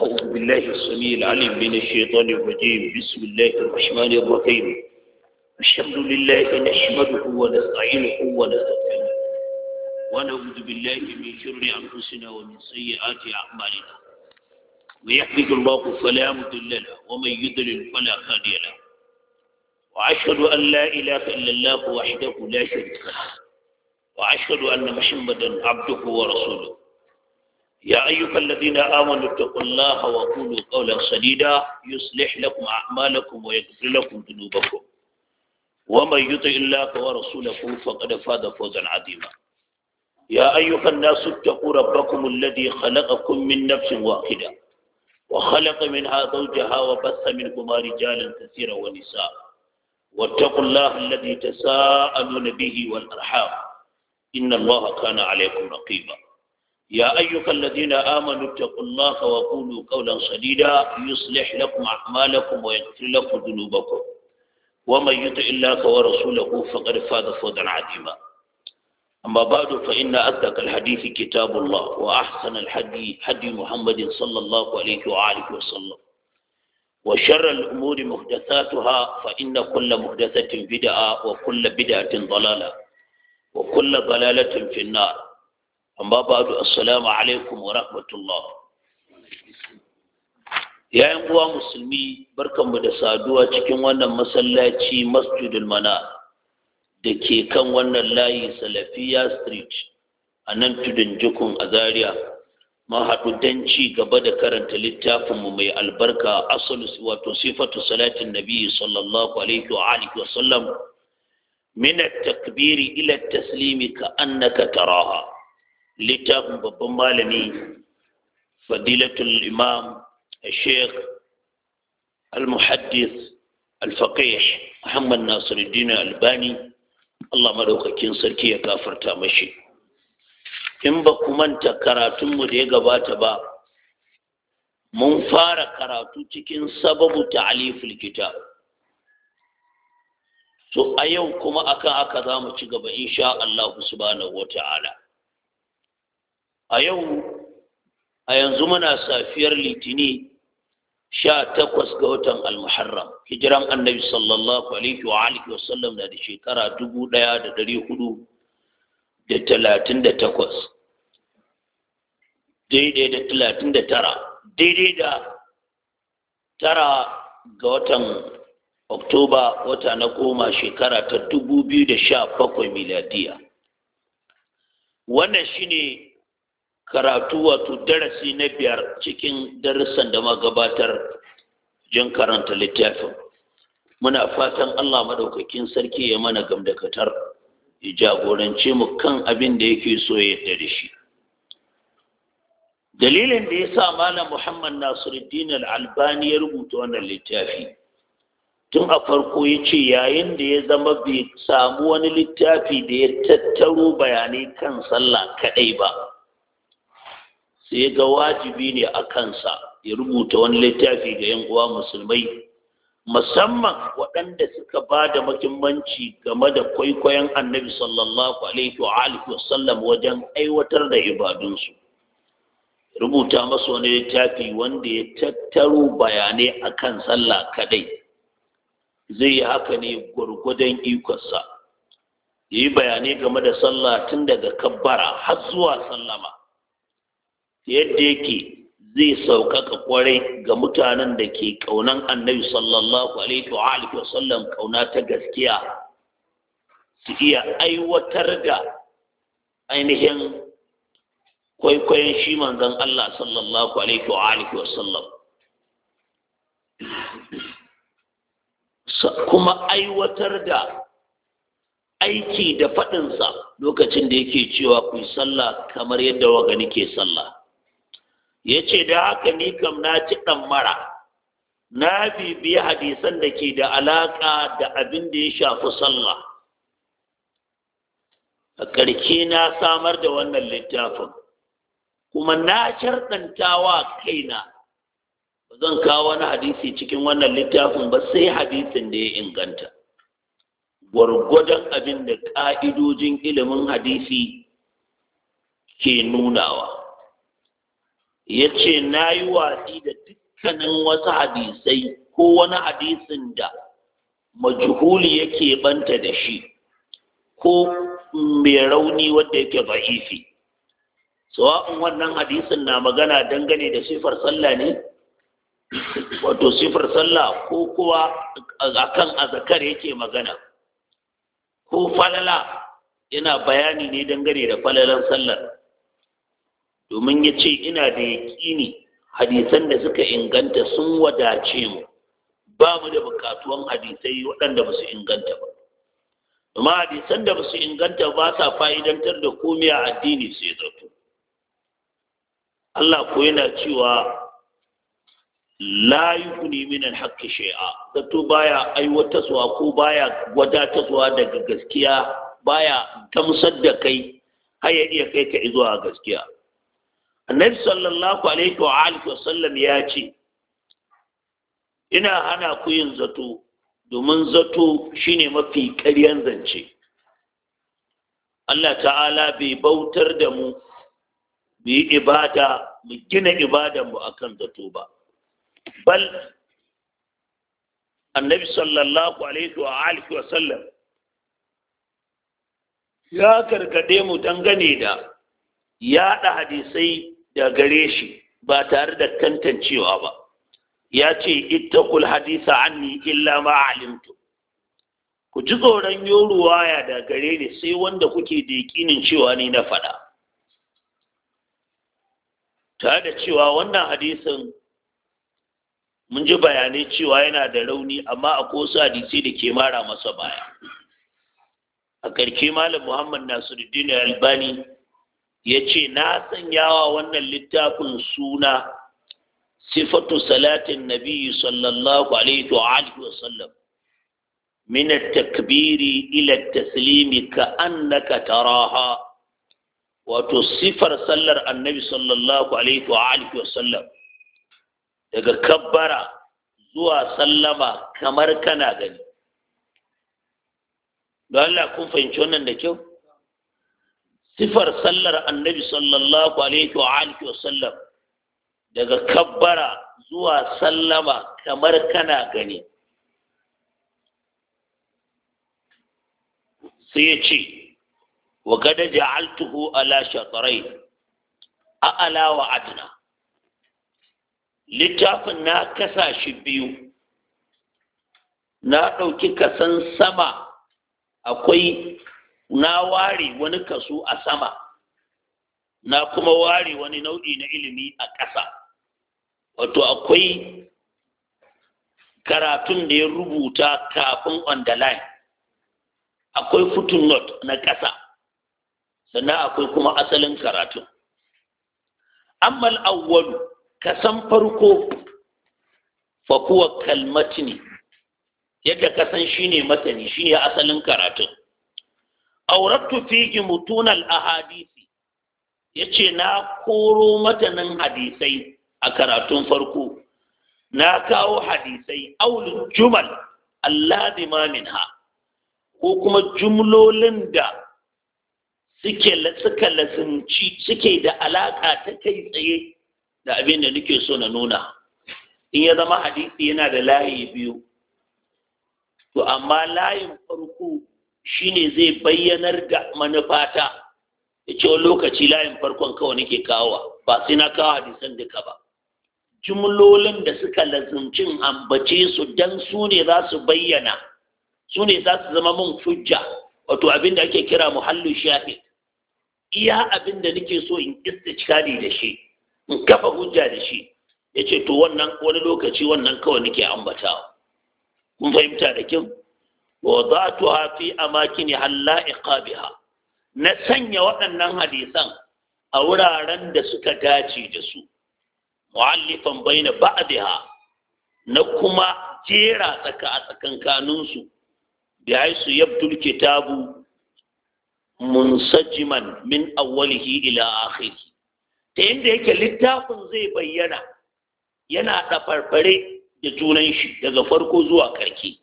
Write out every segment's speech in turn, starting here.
أعوذ بالله السميع العليم من الشيطان الرجيم بسم الله الرحمن الرحيم الحمد لله نحمده ونستعينه ونستغفره ونعوذ بالله من شر أنفسنا ومن سيئات أعمالنا من يهده الله فلا مضل له ومن يضلل فلا هادي له وأشهد أن لا إله إلا الله وحده لا شريك له وأشهد أن محمدا عبده ورسوله يا أيها الذين آمنوا اتقوا الله وقولوا قولا سديدا يصلح لكم أعمالكم ويغفر لكم ذنوبكم ومن يطع الله ورسوله فقد فاز فوزا عظيما يا أيها الناس اتقوا ربكم الذي خلقكم من نفس واحدة وخلق منها زوجها وبث منهما رجالا كثيرا ونساء واتقوا الله الذي تساءلون به والأرحام إن الله كان عليكم رقيبا يا أيها الذين آمنوا اتقوا الله وقولوا قولا سديدا يصلح لكم أعمالكم ويغفر لكم ذنوبكم ومن يطع الله ورسوله فقد فاز فوزا عظيما أما بعد فإن أصدق الحديث كتاب الله وأحسن الحديث حدي محمد صلى الله عليه وآله وسلم وشر الأمور محدثاتها فإن كل محدثة بدعة وكل بدعة ضلالة وكل ضلالة في النار أما بعد السلام عليكم ورحمة الله يا أيها musulmi barkanmu da saduwa cikin wannan masallaci masjidul mana da ke kan wannan layi salafiya street a nan tudun jikun a zaria ma haɗu ci gaba da karanta littafinmu mai albarka asalus wato sifatu salatin nabi sallallahu min takbiri ila taslimi ka annaka taraha littafin babban malami fadilatul imam الشيخ المحدث الفقيه محمد ناصر الدين الباني Allah madaukakin sarki ya gafarta mashi in ba ku manta karatunmu da ya gabata ba mun fara karatu cikin sababu ta'aliful kitab to a yau kuma akan aka za mu ci gaba insha Allah subhanahu wata'ala a yau a yanzu muna safiyar litini sha takwas ga watan almuharram hijiran annabi sallallahu alaihi wa alihi wa sallam da shekara dubu ɗaya da ɗari hudu da talatin da takwas daidai da talatin da tara daidai da tara ga watan oktoba wata na goma shekara ta dubu biyu da sha bakwai miladiya wannan shine karatu wato darasi na biyar cikin darussan da magabatar jin karanta littafin muna fatan allah maɗaukakin sarki ya mana gamdakatar ya jagorance mu kan abin da yake so ya yadda da shi dalilin da ya sa malam muhammad nasiruddin al-albani ya rubuta wannan littafi tun a farko ya ce yayin da ya zama bai samu wani littafi da ya tattaro bayanai kan sallah kaɗai ba sai ga wajibi ne a kansa ya rubuta wani littafi ga 'yan uwa musulmai musamman waɗanda suka ba da muhimmanci game da kwaikwayon annabi sallallahu alaihi wa sallam wajen aiwatar da ibadunsu rubuta masu wani littafi wanda ya tattaro bayanai akan sallah kadai. zai yi haka ne gwargwadon ikonsa yi bayanai game da sallah tun daga kabbara har zuwa sallama yadda yake zai sauƙaƙa kwarai ga mutanen da ke ƙaunan annabi sallallahu alaihi wa alihi wa sallam ƙauna ta gaskiya su iya aiwatar da ainihin kwaikwayon shi manzon Allah sallallahu alaihi wa alihi wa sallam kuma aiwatar da aiki da faɗinsa lokacin da yake cewa ku yi sallah kamar yadda gani ke sallah ya ce da haka ni kam na ci ɗan mara na bibiya hadisan da ke da alaƙa da abin da ya shafi sallah a ƙarƙi na samar da wannan littafin kuma na sharɗanta wa kaina zan kawo wani hadisi cikin wannan littafin ba sai hadisin da ya inganta gwargwadon abin da ƙa'idojin ilimin hadisi ke nunawa ya ce na yi watsi da dukkanin wasu hadisai ko wani hadisin da majuhuli yake banta da shi ko mai rauni wanda yake ba'ifi tsawa'in wannan hadisin na magana dangane da sifar sallah ne wato sifar sallah ko kuwa akan azakar yake magana ko falala yana bayani ne dangane da falalan sallar domin ya ce ina da yaƙini hadisan da suka inganta sun wadace mu ba mu da bukatuwan hadisai waɗanda ba su inganta ba amma hadisan da ba su inganta ba sa fa'idantar da komai a addini sai zato Allah ko yana cewa la yukuni min alhaqqi shay'a zato baya aiwatarwa ko baya wadatarwa daga gaskiya baya gamsar da kai har ya iya kai ka zuwa gaskiya annabi sallallahu alaihi wa alihi wa sallam ya ce ina hana ku yin zato domin zato shine mafi ƙaryan zance Allah ta'ala bai bautar da mu bi ibada mu gina ibadan mu akan zato ba bal annabi sallallahu alaihi wa alihi wa sallam ya karkade mu dangane da yaɗa hadisai da gare shi ba tare da tantancewa ba ya ce ittaqul hadisa anni illa ma alimtu ku ji tsoron yo ya da gare ni sai wanda kuke da yakinin cewa ni na faɗa tare da cewa wannan hadisin mun ji bayanai cewa yana da rauni amma a kosu hadisi da ke mara masa baya a karke malam muhammad nasiruddin albani ya ce na sanyawa wannan littafin suna sifatu salatin nabi sallallahu alaihi wa sallam min takbiri ila taslimi ka annaka taraha wato sifar sallar annabi sallallahu alaihi wa sallam daga kabbara zuwa sallama kamar kana gani don Allah kun fahimci wannan da kyau sifar sallar annabi sallallahu alaihi wa alihi wa sallam daga kabbara zuwa sallama kamar kana gani sai ya ce wa gada ja'altuhu ala shatarai a ala wa adna littafin na kasa biyu na ɗauki kasan sama akwai na ware wani kaso a sama na kuma ware wani nau'i na ilimi a ƙasa wato akwai karatun da ya rubuta kafin on the line akwai footnote na ƙasa sannan akwai kuma asalin karatun ammal al'awwalu kasan farko fa kalmati ne yadda kasan ne matani ne asalin karatun aurattu fihi mutunal ahadisi ce na koro matanin hadisai a karatun farko na kawo hadisai aulin jumal Allah alladima ha? ko kuma jumlolin da suke suke da alaƙa ta kai tsaye da abin da nake so na nuna in ya zama hadisi yana da layi biyu to amma layin farko shine zai bayyanar da manufata ya ce lokaci layin farkon kawai nake kawo ba sai na kawo hadisan duka ba jumlolin da suka lazumcin ambace su dan su ne za su bayyana su ne za su zama mun hujja wato abin da ake kira muhallu shahid iya abin da nake so in istikadi da shi in kafa hujja da shi ya ce to wannan wani lokaci wannan kawai nake ambata. kun fahimta da kyau wa hafi fi amakini halla'iqa biha na sanya waɗannan hadisan a wuraren da suka dace da su mu'allifan baina ba'daha na kuma jera tsaka a tsakankanin su bi haisu yabdul kitabu munsajiman min awwalihi ila akhirih ta yadda yake littafin zai bayyana yana ɗafarfare da junan shi daga farko zuwa karki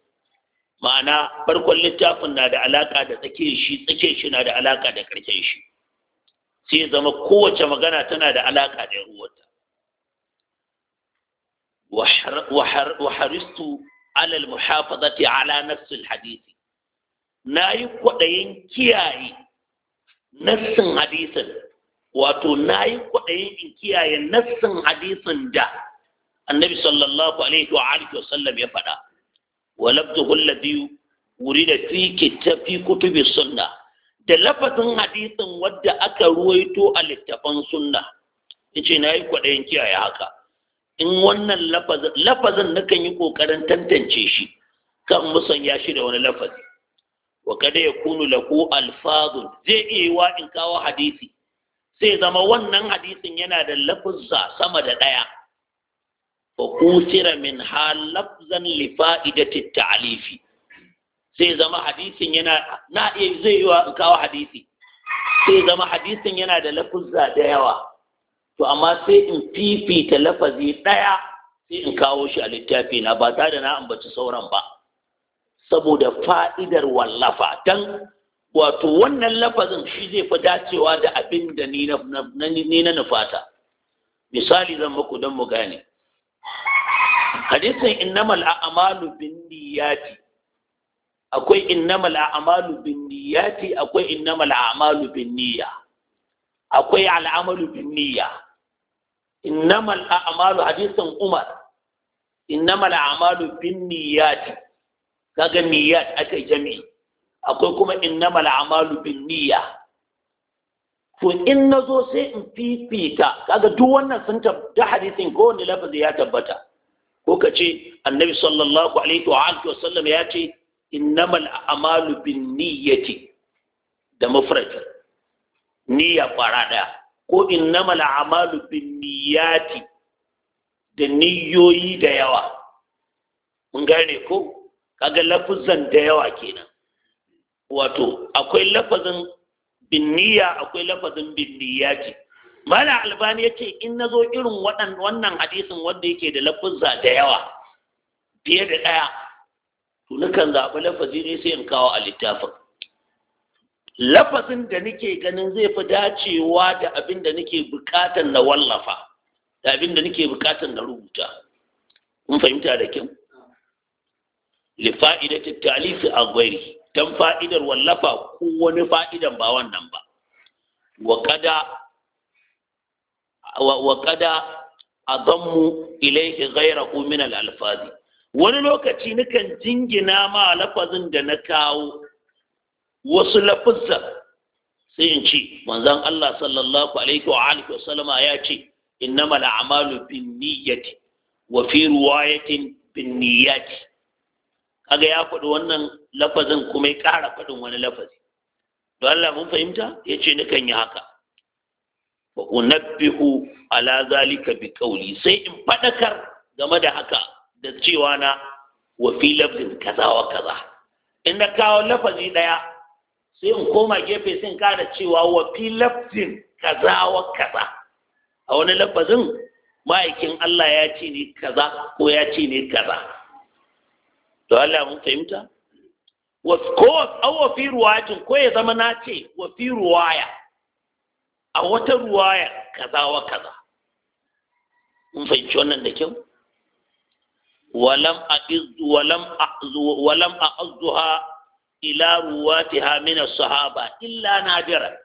ma'ana farkon littafin na da alaƙa da tsakiyar shi tsakiyar shi na da alaƙa da ƙarshen shi sai zama kowace magana tana da alaƙa da ruwata waharistu alal muhafazati ala nassin hadisi na yi kwaɗayin kiyaye nassin hadisin wato na yi kwaɗayin in kiyaye nassin hadisin da annabi sallallahu alaihi wa alihi wa sallam ya faɗa wa labtuhu alladhi urida fi kitabi kutubi sunna da lafazin hadisin wadda aka ruwaito a littafan sunna yace na yi kwaɗayin kiyaye haka in wannan lafazin lafazin nakan yi ƙoƙarin tantance shi kan musanya shi da wani lafazi wa kada ya kunu lahu alfazun zai iya wa in kawo hadisi sai zama wannan hadisin yana da lafuzza sama da ɗaya wa kusira min ha lafzan li fa'idati ta'lifi sai zama hadisin yana na iya zai yi wa kawo hadisi sai zama hadisin yana da lafuzza da yawa to amma sai in fifita lafazi ɗaya sai in kawo shi a littafi na ba tare da na ambaci sauran ba saboda fa'idar wallafa dan wato wannan lafazin shi zai fi dacewa da abin da ni na nufata misali zan muku don mu gane hadisin innamal a'malu niyyati akwai innamal a'malu niyyati akwai innamal a'malu niyya akwai al'amalu niyya innamal a'malu hadisin umar innamal a'malu niyyati kaga niyyat akai jami'i akwai kuma innamal a'malu niyya. to in nazo sai in fifita kaga duk wannan sun tabbata hadisin ko wani lafazi ya tabbata ko ka ce annabi sallallahu alaihi wa alihi sallam ya ce innamal a'malu binniyati da mafrad niyya kwara daya ko innamal a'malu binniyati da niyoyi da yawa mun gane ko kaga lafuzan da yawa kenan wato akwai lafazin binniya akwai lafazin binniyaji. mala albani ya ce in na zo irin wannan hadisin wanda yake da lafuzza da yawa fiye da ɗaya to nakan zaɓi lafazi ne sai in kawo a littafin lafazin da nake ganin zai fi dacewa da abin da nake bukatar na wallafa da abin da nake bukatar na rubuta kun fahimta da kyau lifa'idatu talifi a gwari. don fa'idar wallafa ko wani fa'idan ba wannan ba wa kada a zammu ilaihi gaira min alfazi wani lokaci nukan jingina ma lafazin da na kawo wasu lafazza sai in ce manzon Allah sallallahu alaihi wa alihi wasallama ya ce innamal a'malu bin niyyati wa fi riwayatin bin niyyati Aga ya faɗi wannan lafazin kuma ya ƙara faɗin wani lafazi to Allah mun fahimta ya ce nakan yi haka wa unabbihu ala zalika bi qawli sai in faɗakar game da haka da cewa na wa fi lafzin kaza wa kaza in na kawo lafazi ɗaya sai in koma gefe sai in ƙara cewa wa fi lafzin kaza wa kaza a wani lafazin ma'aikin Allah ya ce ne kaza ko ya ce ne kaza to Allah mun fahimta wa ko aw fi ruwayatin ko ya zama na ce wa fi ruwaya a wata ruwaya kaza wa kaza mun fahimci wannan da kyau walam a'izzu walam a'zu walam a'zuha ila ruwatiha min as-sahaba illa nadira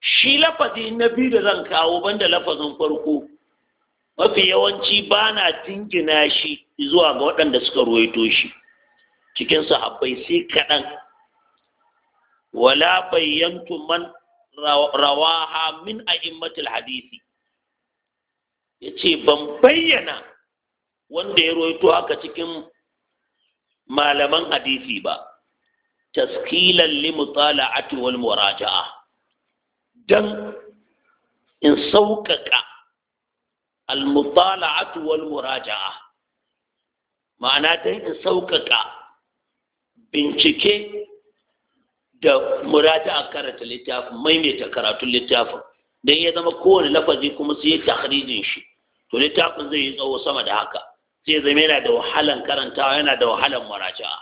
shi lafazi na biyu da zan kawo banda lafazin farko mafi yawanci ba na dingina shi zuwa ga waɗanda suka ruwaito shi cikin sahabbai sai kaɗan wala bayyantu man rawaha min a'immatul hadisi yace ban bayyana wanda ya ruwaito haka cikin malaman hadisi ba taskilan mutala'ati wal muraja'a dan in sauƙaƙa al-mutala'atu wal muraja'a ma'ana ta in sauƙaƙa bincike da muraja'a karanta littafin maimaita karatun littafin dan ya zama kowane lafazi kuma sai ya tahrijin shi to littafin zai yi tsawo sama da haka sai zama yana da wahalan karantawa yana da wahalan muraja'a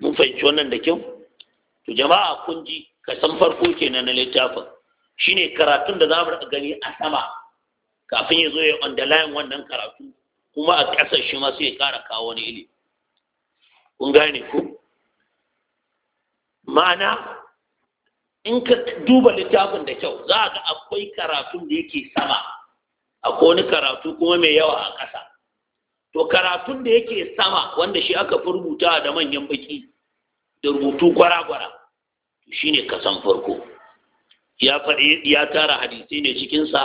mun fahimci wannan da kyau to jama'a kun ji kasan farko kenan na littafin shine karatun da za mu gani a sama kafin ya zo ya underline wannan karatu kuma a ƙasar shi ma ya ƙara kawo wani ili. kun gane ku ma'ana in ka duba littafin da kyau za ga akwai karatun da yake sama akwai wani karatu kuma mai yawa a ƙasa to karatun da yake sama wanda shi aka fi rubuta da manyan baki da rubutu gwara-gwara shine kasan farko ya faɗi ya tara hadisi ne cikinsa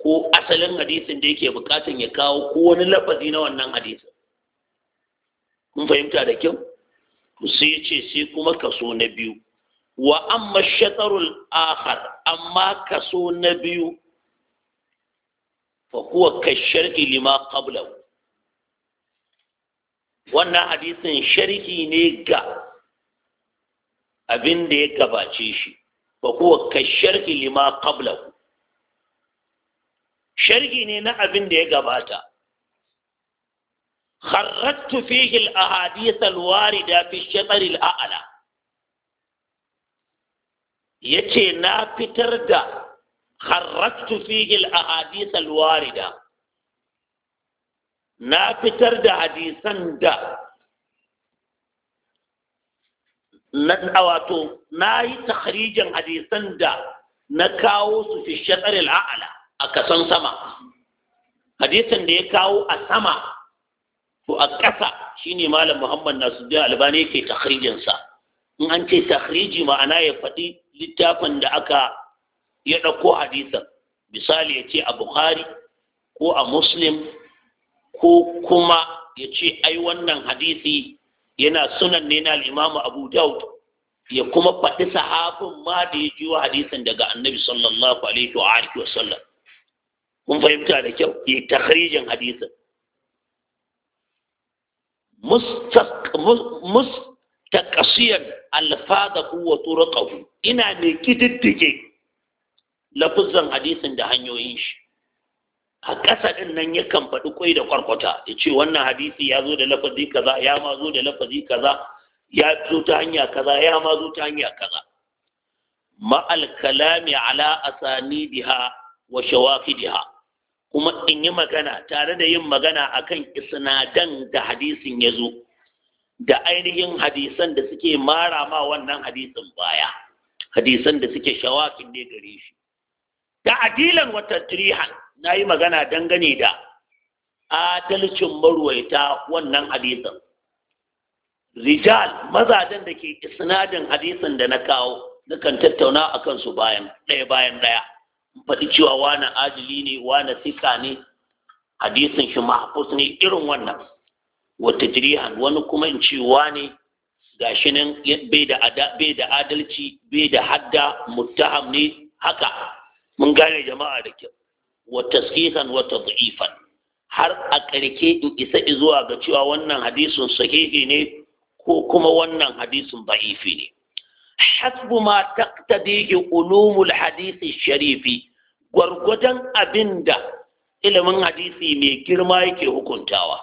ko asalin hadisin da yake bukatan ya kawo ko wani lafazi na wannan hadisin kun fahimta da kyau sai ce sai kuma kaso na biyu wa amma shatarul akhar amma kaso na biyu fa huwa ka lima wannan hadisin sharhi ne ga abin da ya gabace shi فهو كالشرك لما قبله شرقي ني نعبن دي قباتا خرجت فيه الأحاديث الواردة في الشطر الأعلى يتي نابتر دا خرجت فيه الأحاديث الواردة نابتر دا حديثا دا na wato na yi takharijin hadisan da na kawo su fi shatsaril a'ala a kasan sama hadisan da ya kawo a sama to a ƙasa shine malam muhammad da albani yake takharijin sa in an ce takhriji ma'ana ya faɗi littafin da aka ya ɗauko hadisan misali ya ce a bukhari ko a muslim ko kuma ya ce ai wannan hadisi yana sunan ne na limamu abu daud ya kuma faɗi sahabin ma da ya jiwa hadisin daga annabi sallallahu alaihi wa alihi sallam kun fahimta da kyau ya takhrijin hadisin mustaqasiyan alfadahu wa turqahu ina ne kididdige lafuzan hadisin da hanyoyin shi a ƙasa ɗin nan yakan faɗi kwai da kwarkwata ya ce wannan hadisi ya zo da lafazi kaza ya ma zo da lafazi kaza ya zo ta hanya kaza ya ma zo ta hanya kaza ma'al kalami ala asanidiha wa shawaqidiha kuma in yi magana tare da yin magana akan isnadan da hadisin ya zo da ainihin hadisan da suke mara ma wannan hadisin baya hadisan da suke shawakin ne gare shi ta adilan wata tatrihan na yi magana dangane da adalcin marwaita wannan hadisin rijal mazajen da ke sinadin hadisin da na kawo nakan tattauna a kansu bayan ɗaya bayan ɗaya faɗi cewa wani ajili ne wani sika ne hadisin shi mahfuz ne irin wannan wata jirihan wani kuma in ce wani gashi nan bai da adalci bai da hadda muttaham ne haka mun gane jama'a da kyau wa tasqiqan wa har a karke in isa zuwa ga cewa wannan hadisin sahihi ne ko kuma wannan hadisin da'ifi ne hasbu ma taqtadihi ulumul hadisi sharifi gwargwadon abinda ilimin hadisi mai girma yake hukuntawa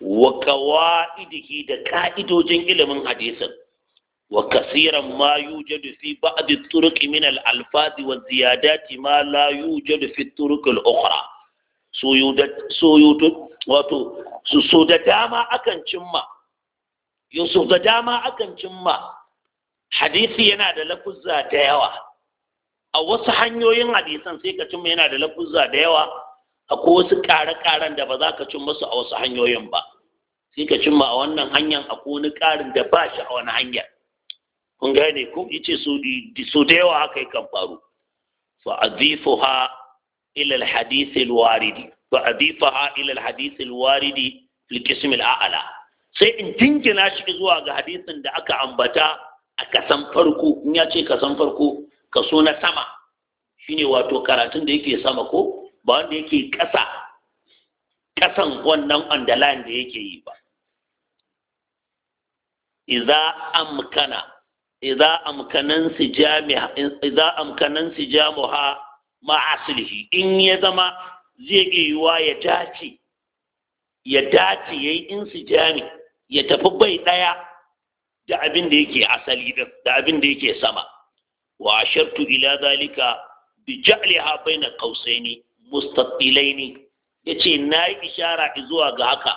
wa kawaidihi da ka'idojin ilimin hadisin ma yu وكثيرا ما يوجد في بعض الطرق من الألفاظ والزيادات ما لا يوجد في الطرق الأخرى su da dama akan cimma yusuf da dama akan cimma hadisi yana da lafuzza da yawa a wasu hanyoyin hadisan sai ka cimma yana da lafuzza da yawa A akwai wasu ƙare-ƙaren da ba za ka cimma su a wasu hanyoyin ba sai ka cimma a wannan hanyar a ko ni ƙarin da ba shi a wani hanyar kun gane ko yace su da yawa haka yakan faru fa adifuha ila alhadith alwaridi fa ila alhadith alwaridi fil qism al'ala sai in tinkina shi zuwa ga hadisin da aka ambata a kasan farko in ya ce kasan farko kaso na sama shine wato karatun da yake sama ko ba wanda yake kasa ƙasan wannan underline da yake yi ba iza amkana idza amkanan si jamiha idza amkanan si in ya zama zai iya ya dace ya dace yayi in si jami ya tafi bai daya da abin da yake asali da abin da yake sama wa ashartu ila zalika bi ja'liha baina qausaini mustaqilaini yace na yi ishara zuwa ga haka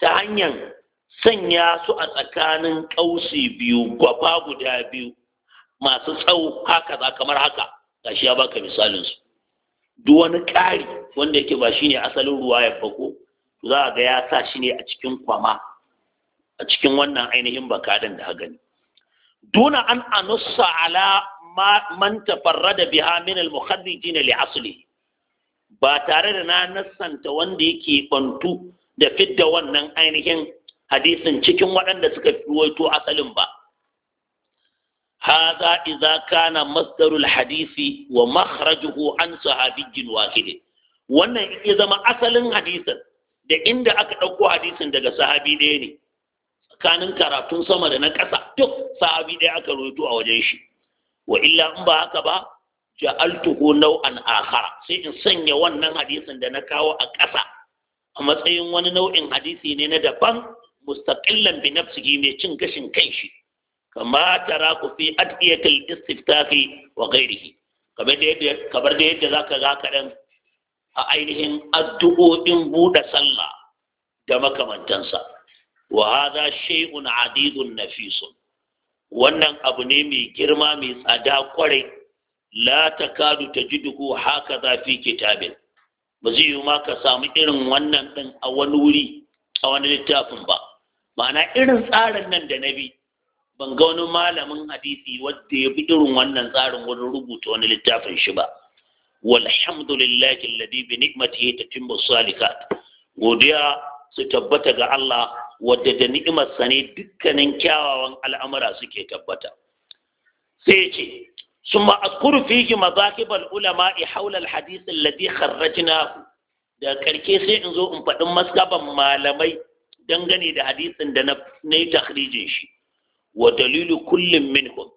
ta hanyar sanya su a tsakanin ƙausi biyu gwafa guda biyu masu tsawo haka za kamar haka Ga shi ya baka misalin su duk wani ƙari wanda yake ba shi ne asalin ruwa ya fako za a ga ya sa shi ne a cikin kwama a cikin wannan ainihin bakadan da hagani duna an anussa ala man tafarrada biha min al-mukhaddijin li asli ba tare da na nassanta wanda yake bantu da fidda wannan ainihin hadisin cikin waɗanda suka fi waito asalin ba haza iza kana masdarul hadisi wa makhrajuhu an sahabijin wahide wannan ya zama asalin hadisin da inda aka ɗauko hadisin daga sahabi ɗaya ne tsakanin karatun sama da na ƙasa duk sahabi ɗaya aka ruwaito a wajen shi wa illa in ba haka ba ja'altuhu nau'an akhara sai in sanya wannan hadisin da na kawo a ƙasa a matsayin wani nau'in hadisi ne na daban mustaqillan bi nafsihi mai cin gashin kanshi kama tara ku fi adiyatul istiftahi wa ghairihi kamar da yadda kamar da yadda zaka ga kadan a ainihin addu'o'in buɗe sallah da makamantansa wa hadha shay'un adidun nafis wannan abu ne mai girma mai tsada kwarai la takadu tajiduhu haka za fi kitabin ba zai yi ma ka samu irin wannan ɗin a wani wuri a wani littafin ba ma'ana irin tsarin nan da na bi ban ga wani malamin hadisi wadda ya bi irin wannan tsarin wurin rubuta wani littafin shi ba walhamdulillahi alladhi bi ni'matihi tatimmu salikat godiya su tabbata ga Allah wadda da ni'imarsa ne dukkanin kyawawan al'amura suke tabbata sai ce ثم أذكر فيه مذاهب العلماء حول الحديث الذي خرجناه da karke sai in zo in faɗi maskaban malamai dangane da hadisin da na yi takhrijin shi wa dalilu kullum minhum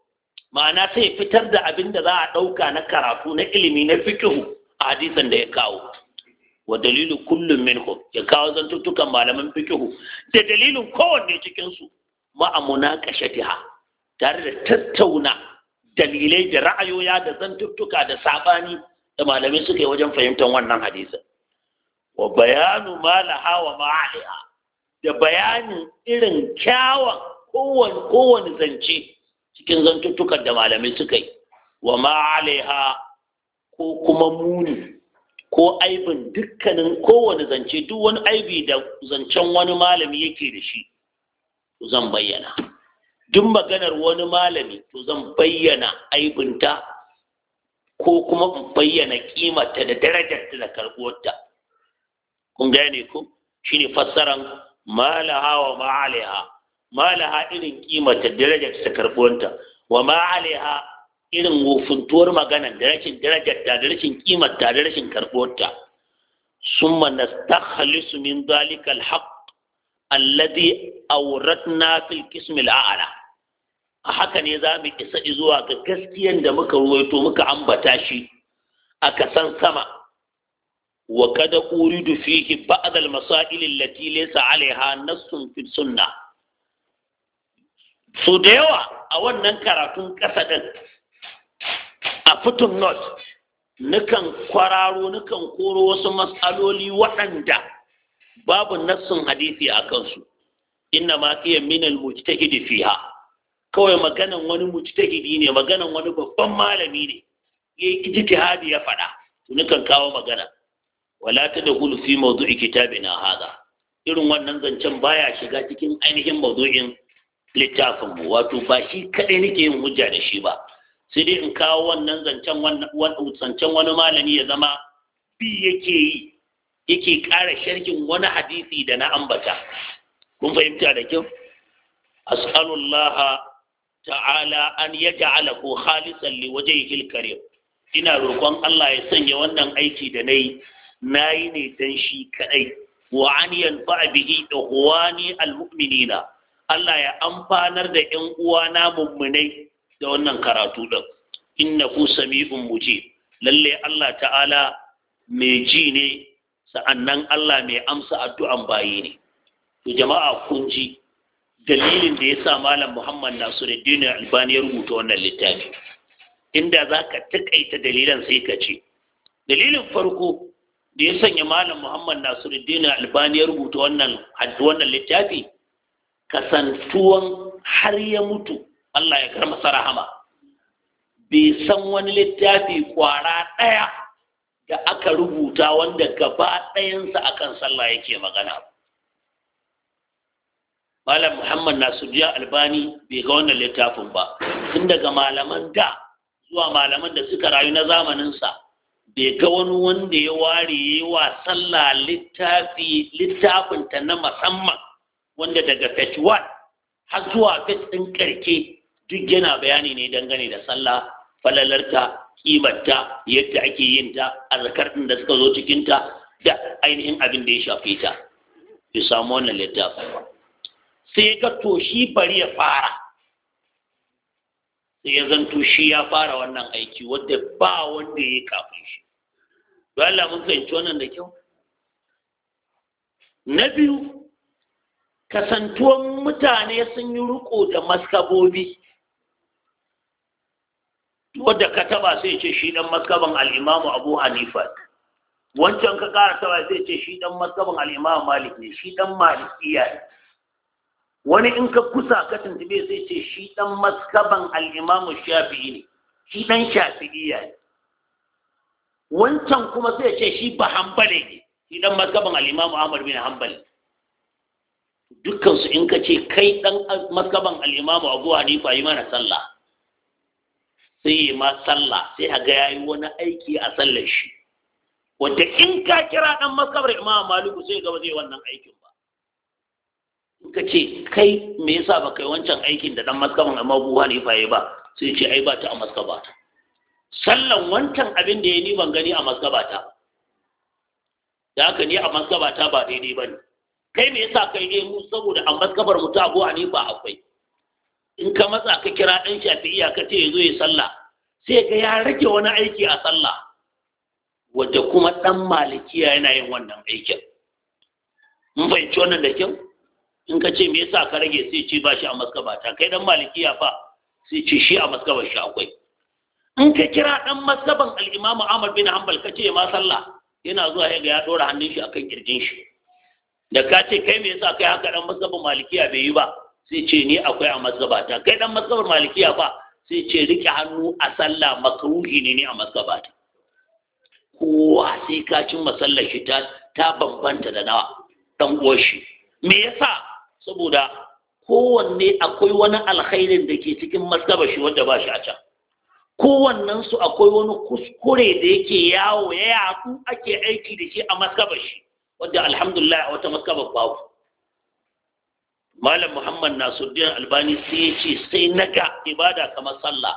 ma'ana sai fitar da abin da za a ɗauka na karatu na ilimi na fikihu a hadisin da ya kawo wa dalilu kullum minhum ya kawo zantuttukan malaman fikihu da dalilin kowanne cikinsu ma'amuna kashatiha tare da tattauna dalilai da ra'ayoya da zantuttuka da sabani da malamai suka yi wajen fahimtar wannan hadisin wa bayanu ma laha wa ma da bayanin irin kyawun kowane kowane zance cikin zantuttukan da malamai suka yi wa ma'alaiha ko kuma muni ko aibin dukkanin kowane zance duk wani aibi da zancen wani malami yake da shi zan bayyana duk maganar wani malami to zan bayyana aibinta ko kuma in bayyana kimarta da darajarta da karbuwarta kun gane ku shine fassaran ma laha wa ma alaiha ma laha irin kimata darajar ta karbuwanta wa ma alaiha irin wofintuwar magana da rashin darajar ta da rashin kimata da rashin karbonta. summa nastakhlisu min dhalika alhaq alladhi awratna fil qism al'ala a haka ne za mu isa zuwa ga gaskiyan da muka ruwaito muka ambata shi a kasan sama wa kada uridu fihi ba'd al-masail allati laysa 'alayha nassun fi sunnah so da yawa a wannan karatun ƙasa din a fitin not nukan kwararo nukan koro wasu mas'aloli waɗanda babu nassun hadisi a kansu inna ma hiya min al-mujtahidi fiha kawai maganan wani mujtahidi ne maganan wani babban malami ne yayi ijtihadi ya faɗa to kawo magana wala ta da fi mawdu'i na hadha irin wannan zancen baya shiga cikin ainihin mawdu'in littafin mu wato ba shi kadai nake yin hujja da shi ba sai dai in kawo wannan zancen wani malami ya zama bi yake yi yake ƙara sharkin wani hadisi da na ambata kun fahimta da kyau as'alullah ta'ala an yaj'ala ko khalisan li wajhihi al-karim ina roƙon Allah ya sanya wannan aiki da nayi na yi ne dan shi kaɗai. wa an yanfa bihi ikhwani almu'minina Allah ya amfanar da 'yan uwana mummunai da wannan karatu Inna ku sami'un mujib lalle Allah ta'ala mai ji ne sa'annan Allah mai amsa addu'an bayi ne to jama'a kun ji dalilin da ya sa malam Muhammad Nasiruddin Albani ya rubuta wannan littafi inda za ka taƙaita dalilan sai ka ce dalilin farko da ya sanya malam muhammad nasiruddin albani ya rubuta wannan wannan littafi kasantuwan har ya mutu allah ya karma sarahama bai san wani littafi kwara ɗaya da aka rubuta wanda gaba ɗayansa a kan sallah yake magana malam muhammad nasiruddin albani bai ga wannan littafin ba tun daga malaman da zuwa malaman da suka rayu na zamaninsa bai ga wani wanda ya ware wa sallah littafi littafinta na musamman wanda daga fetch har zuwa fetch ɗin ƙarke duk yana bayani ne dangane da sallah falalarta kimarta yadda ake yin ta arakar ɗin da suka zo cikinta da ainihin abin da ya shafe ta bai samu wannan littafin sai ga to shi bari ya fara sai ya zanto shi ya fara wannan aiki wadda ba wanda ya yi kafin shi ba Allah mun fahimci wannan da kyau na biyu kasantuwan mutane sun yi riko da maskabobi wadda ka taba sai ce shi dan maskaban al'imamu abu hanifa wancan ka kara taba sai ce shi dan maskaban al'imamu malik ne shi dan malikiya ne wani in ka kusa ka tuntube zai ce shi dan maskaban al'imamu shafi'i ne shi dan shafi'iyya ne wancan kuma zai ce shi ba hambale ne shi dan maskaban al'imamu ahmad bin hambale. dukkansu in ka ce kai dan maskaban al'imamu abu hanifa yi mana sallah sai yi ma sallah sai a ga yayi wani aiki a sallar shi wanda in ka kira dan maskabar imamu maliku sai gaba zai wannan aikin Ka ce kai me yasa ba kai wancan aikin da dan maskaban amma Abu Hanifa yayi ba sai ce ai ba ta a maskaba ta sallan wancan abin da ya ni ban gani a maskaba ta da haka ni a maskaba ta ba daidai bane kai me yasa kai ne mu saboda a maskabar mu ta Abu Hanifa akwai in ka matsa ka kira dan Shafi'iya ka ce zo ya sallah sai ga ya rage wani aiki a sallah wadda kuma ɗan malikiya yana yin wannan aikin mun fahimci wannan da kyau in ka ce me yasa ka rage sai ce ba shi a maskaba ta kai dan malikiya fa sai ce shi a maskabar shi akwai in ka kira dan maskaban al-Imam Ahmad bin Hanbal ka ce ma sallah yana zuwa ga ya dora hannun shi akan kirjin shi da ka ce kai me yasa kai haka dan maskaban malikiya bai yi ba sai ce ni akwai a maskaba ta kai dan maskabar malikiya fa sai ce rike hannu a sallah makruhi ne ni a maskaba ta kowa sai ka cin masallar shi ta ta bambanta da nawa dan uwar shi me yasa saboda kowanne akwai wani alkhairin da ke cikin maskaba shi wanda ba shi a can kowannen akwai wani kuskure da yake yawo ya yatsu ake aiki da shi a maskaba shi wanda alhamdulillah a wata maskaba babu malam muhammad nasuddin albani sai ya ce sai naga ibada kamar sallah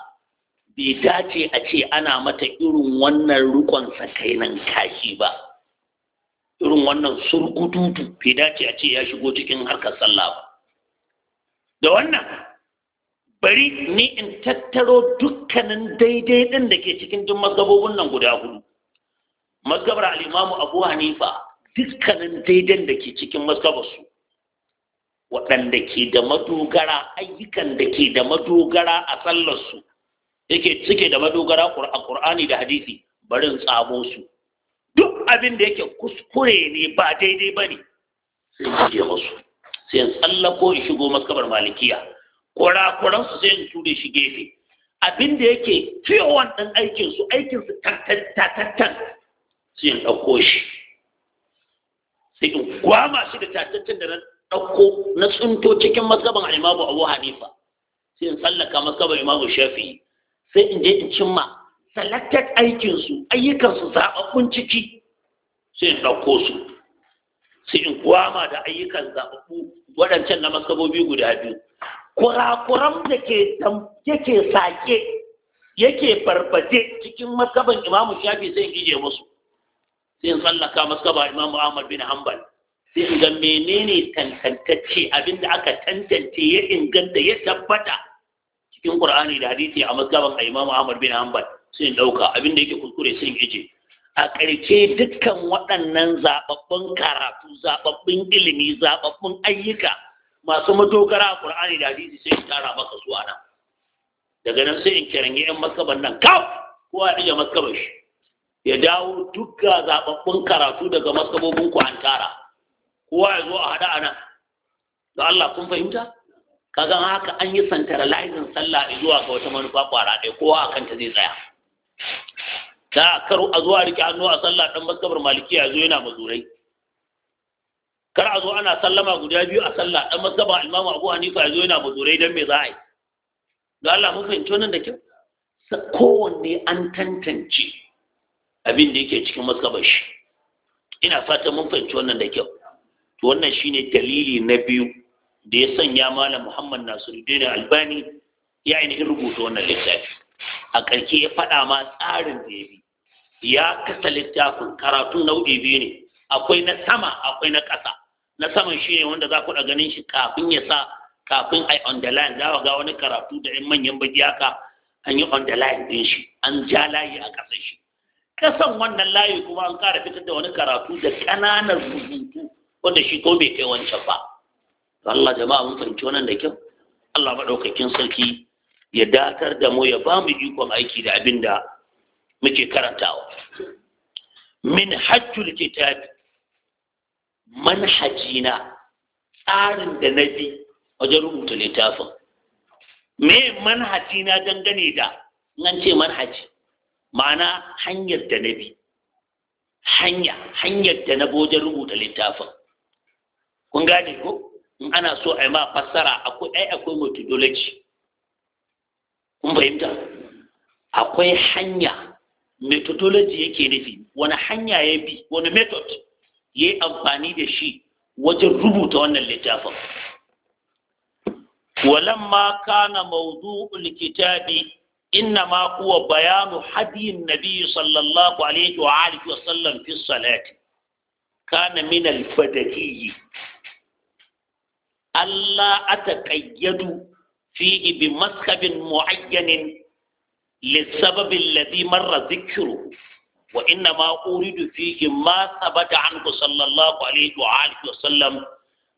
bai dace a ce ana mata irin wannan rukon sakainan kashi ba irin wannan surkututu bai dace a ce ya shigo cikin harkar sallah ba da wannan bari ni in tattaro dukkanin daidai ɗin da ke cikin duk mazgabobin nan guda hudu mazgabar al'imamu abu hanifa dukkanin daidai da ke cikin mazgabarsu waɗanda ke da madogara ayyukan da ke da madogara a sallarsu yake suke da madogara a ƙur'ani da hadisi barin tsamo su duk abin da yake kuskure ne ba daidai ba ne sai in masu. sai in tsallako in shigo maskabar malikiya kurakuransu sai in ture shi gefe abin da yake ciwon ɗin aikinsu aikinsu tattattattan sai in ɗauko shi sai in gwama shi da tattattan da na ɗauko na tsunto cikin maskabar alimabu abu hanifa sai in tsallaka maskabar imamu shafi sai in je in cimma selected aikinsu ayyukansu zaɓaɓɓun ciki sai in ɗauko su sai in kwama da ayyukan zaɓaɓɓu waɗancan na masabobi guda biyu kurakuran da ke yake sake yake farfaje cikin maskaban imamu shafi sai in ije musu sai in tsallaka masaba imamu ahmad bin hanbal sai in ga menene tantance da aka tantance ya inganta ya tabbata cikin qur'ani da hadisi a maskaban imamu ahmad bin hanbal sai dauka abinda yake kuskure sai ije a ƙarshe dukkan waɗannan zaɓaɓɓen karatu zaɓaɓɓen ilimi zaɓaɓɓen ayyuka masu madogara a ƙur'ani da hadisi sai in tara maka su nan daga nan sai in kiran 'yan maskaban nan kaf kowa ya maskaban shi ya dawo dukka zaɓaɓɓen karatu daga maskabobin ku an tara kowa ya zo a haɗa a nan da Allah kun fahimta kaga haka an yi santaralizing sallah zuwa ga wata manufa kwara ɗaya kowa a kanta zai tsaya da kar a zuwa rike hannu a sallah dan maskabar malikiya zo yana mazurai kar a zo ana sallama guda biyu a sallah dan maskabar imamu abu hanifa ya zo yana mazurai dan me za a yi da Allah mun fahimci wannan da kyau kowanne an tantance abin da yake cikin maskabar shi ina fatan mun fahimci wannan da kyau to wannan shine dalili na biyu da ya sanya malam Muhammad Nasiruddin Albani ya yi rubuta wannan littafi a ƙarshe ya faɗa ma tsarin da ya bi ya kasa littafin karatu nau'i biyu ne akwai na sama akwai na ƙasa na saman shi ne wanda za ku ganin shi kafin ya sa kafin ai underline za ga wani karatu da yan manyan baki haka an yi underline ɗin shi an ja layi a ƙasar shi ƙasan wannan layi kuma an ƙara fitar da wani karatu da ƙananan rubutu wanda shi ko bai kai wancan ba Allah jama'a mun fahimci wannan da kyau Allah maɗaukakin sarki ya datar da mu ya bamu ikon aiki da abin da muke karantawa min hajjul kitab manhajina tsarin da na bi wajen rubuta littafin me manhajina dangane da nan ce manhaji mana hanyar da na bi hanya hanyar da na wajen rubuta littafin kun gane ko in ana so a yi ma fassara akwai ai akwai methodology fahimta akwai hanya methodology yake nufi wani hanya ya bi wani method ya yi amfani da shi wajen rubuta wannan littafin walan ma kana maudu likitabi inna ma kuwa bayanu hadiyin nabiyyu sallallahu alaihi wa sallam fi salati kana min al-badahiyyi Allah aka kayyadu fihi bi maskabin mu'ayyanin lissababin ladhi marra zikiru wa inna ma uridu fihi ma sabata anhu sallallahu alaihi wa alihi wasallam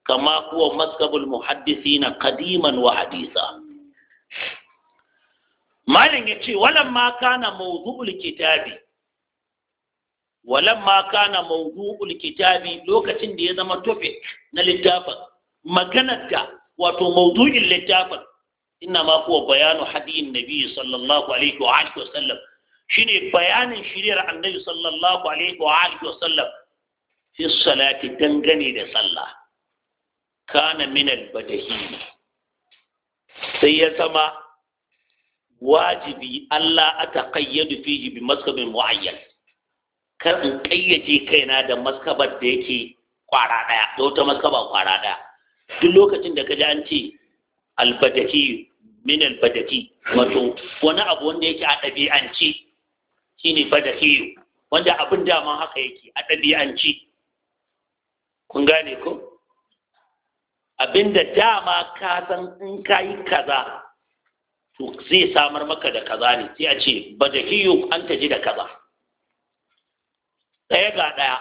kama huwa maskabul muhaddithina qadiman wa malam yace walam ma kana mawdu'ul kitabi walam lokacin da ya zama topic na littafin maganar wato mawdu'in littafin innama huwa bayanu hadiyin nabi sallallahu alaihi wa sallam. Shi ne bayanin shiriyar annabi sallallahu alaihi wa alihi wasallam fi salati dangane da sallah kana min al sai ya zama wajibi Allah aka kayyadu fihi bi maskabin mu'ayyan kar in kayyace kaina da maskabar da yake kwara daya da wata maskaba kwara daya duk lokacin da ka ji an ce albadaki min albadaki wato wani abu wanda yake a ɗabi'ance ne badaki wanda abin dama haka yake a ɗabi'ance kun gane ko abinda dama ka san in ka yi kaza to zai samar maka da kaza ne sai a ce badakiyu an ta ji da kaza ɗaya ga ɗaya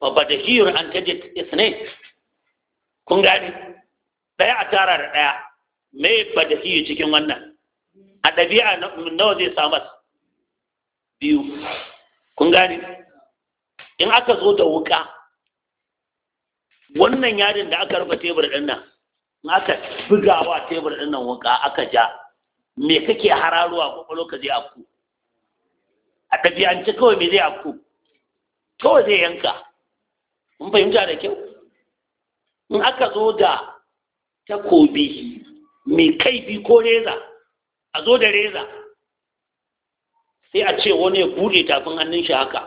ba badakiyun an ta ji isne kun gane ɗaya a tara da ɗaya me ba da cikin wannan a ɗabi'a nawa zai samar biyu kun gane in aka zo da wuka wannan yarin da aka rufe tebur ɗin nan in aka bugawa tebur ɗin nan wuka aka ja me kake hararuwa kwakwalo ka zai afku a ɗabi'ance kawai me zai afku kawai zai yanka mun fahimta da kyau in aka zo da takobi mai kaifi ko reza a zo da reza sai a ce wani ya buɗe tafin hannun shi haka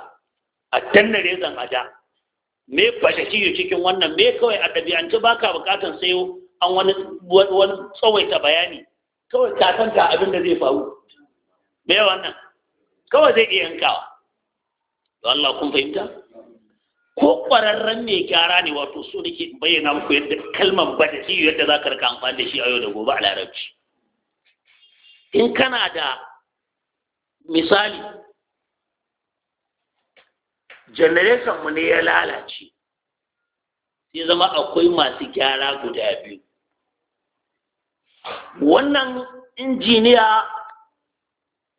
a danna rezan a da me yi cikin wannan me kawai a ɗabi'ance ba ka buƙatar sai an wani tsawaita bayani kawai katanta abin da zai faru me wannan kawai zai iya yankawa Allah kun fahimta ko ƙwararren ne gyara ne wato so da ke bayyana muku yadda kalmar ba da yadda za ka rika amfani da shi a yau da gobe a larabci in kana da misali janareton mu ne ya lalace sai zama akwai masu gyara guda biyu wannan injiniya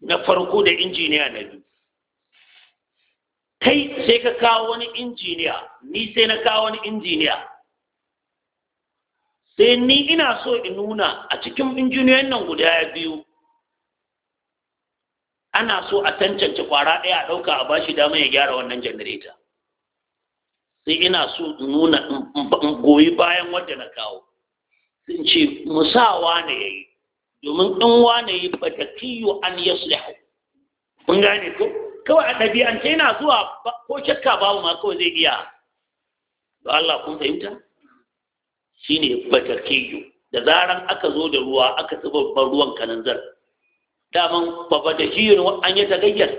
na farko da injiniya na biyu kai sai ka kawo wani injiniya ni sai na kawo wani injiniya sai ni ina so in nuna a cikin injiniyan nan guda biyu ana so a tantance kwara ɗaya a ɗauka a bashi dama ya gyara wannan janareta sai ina so in nuna in goyi bayan wadda na kawo sun ce musawa ne ya yi domin in wane yi kiyo an yaslihu kun gane ko kawai a ɗabi'ance yana zuwa ko shakka babu ma kawai zai iya da Allah kun fahimta Shi shine yi da zaran aka zo da ruwa aka saba babban ruwan kananzar daman babba da shi an yi gayyar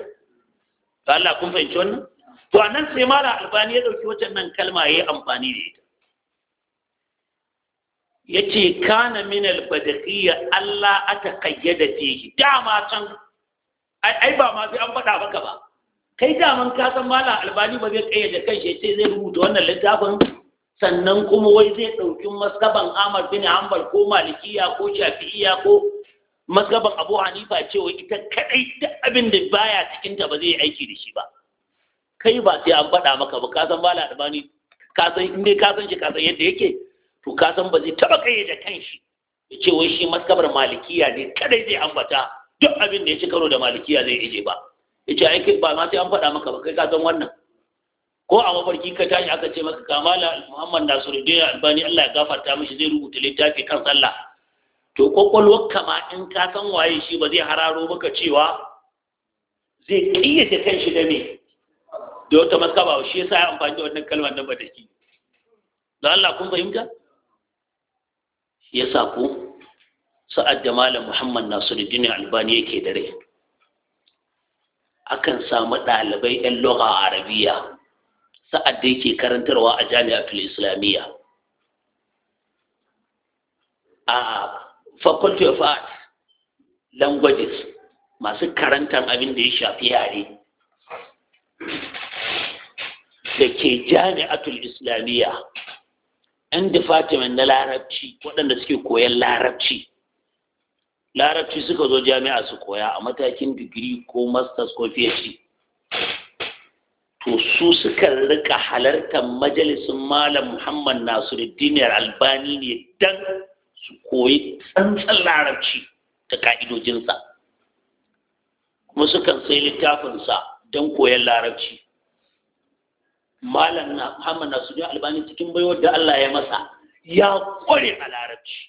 da Allah kun fahimci wannan to anan sai mara albani ya dauki wacan nan kalma ya yi amfani da ita Ya ce kana min al Allah ata qayyada fihi dama can ai ba ma sai an faɗa maka ba kai daman ka san malam albani ba zai kayyade kai sai zai rubuta wannan littafin sannan kuma wai zai ɗauki masgaban Ahmad bin Hanbal ko Malikiya ko Shafi'iya ko masgaban Abu Hanifa cewa ita kadai duk abin da baya cikin ta ba zai aiki da shi ba kai ba sai an faɗa maka ba ka san malam albani ka san in dai ka san shi ka san yadda yake to ka san ba zai taɓa kayyade kanshi ya ce wai shi maskabar malikiya ne kadai zai ambata duk abin da ya ci karo da malikiya zai ije ba Ya ce aiki ba ma sai an faɗa maka ba kai ka san wannan ko a mafarki ka tashi aka ce maka kamala muhammad nasiruddin albani allah ya gafarta mishi zai rubuta littafi kan sallah to kwakwalwar kama in ka san waye shi ba zai hararo maka cewa zai ƙiyata kan shi da me da wata ba shi yasa ya amfani da wannan kalmar nan ba da shi don allah kun fahimta shi yasa ku sa'ad da malam muhammad nasiruddin albani yake da akan samu ɗalibai 'yan a arabiya sa'ad da yake karantarwa a jami'a islamiyya a faculty of art languages masu karantar abin da ya shafi yare da ke jami'atul islamiyya 'yan department na larabci waɗanda suke koyon larabci larabci suka zo jami'a su koya a matakin digiri ko masters ko phd to su suka rika halartar majalisun malam muhammad nasiruddin albani ne dan su koyi tsantsan larabci ta ka'idojinsa kuma sukan sai littafinsa don koyon larabci malam muhammad nasiruddin albani cikin baiwar da allah ya masa ya kware a larabci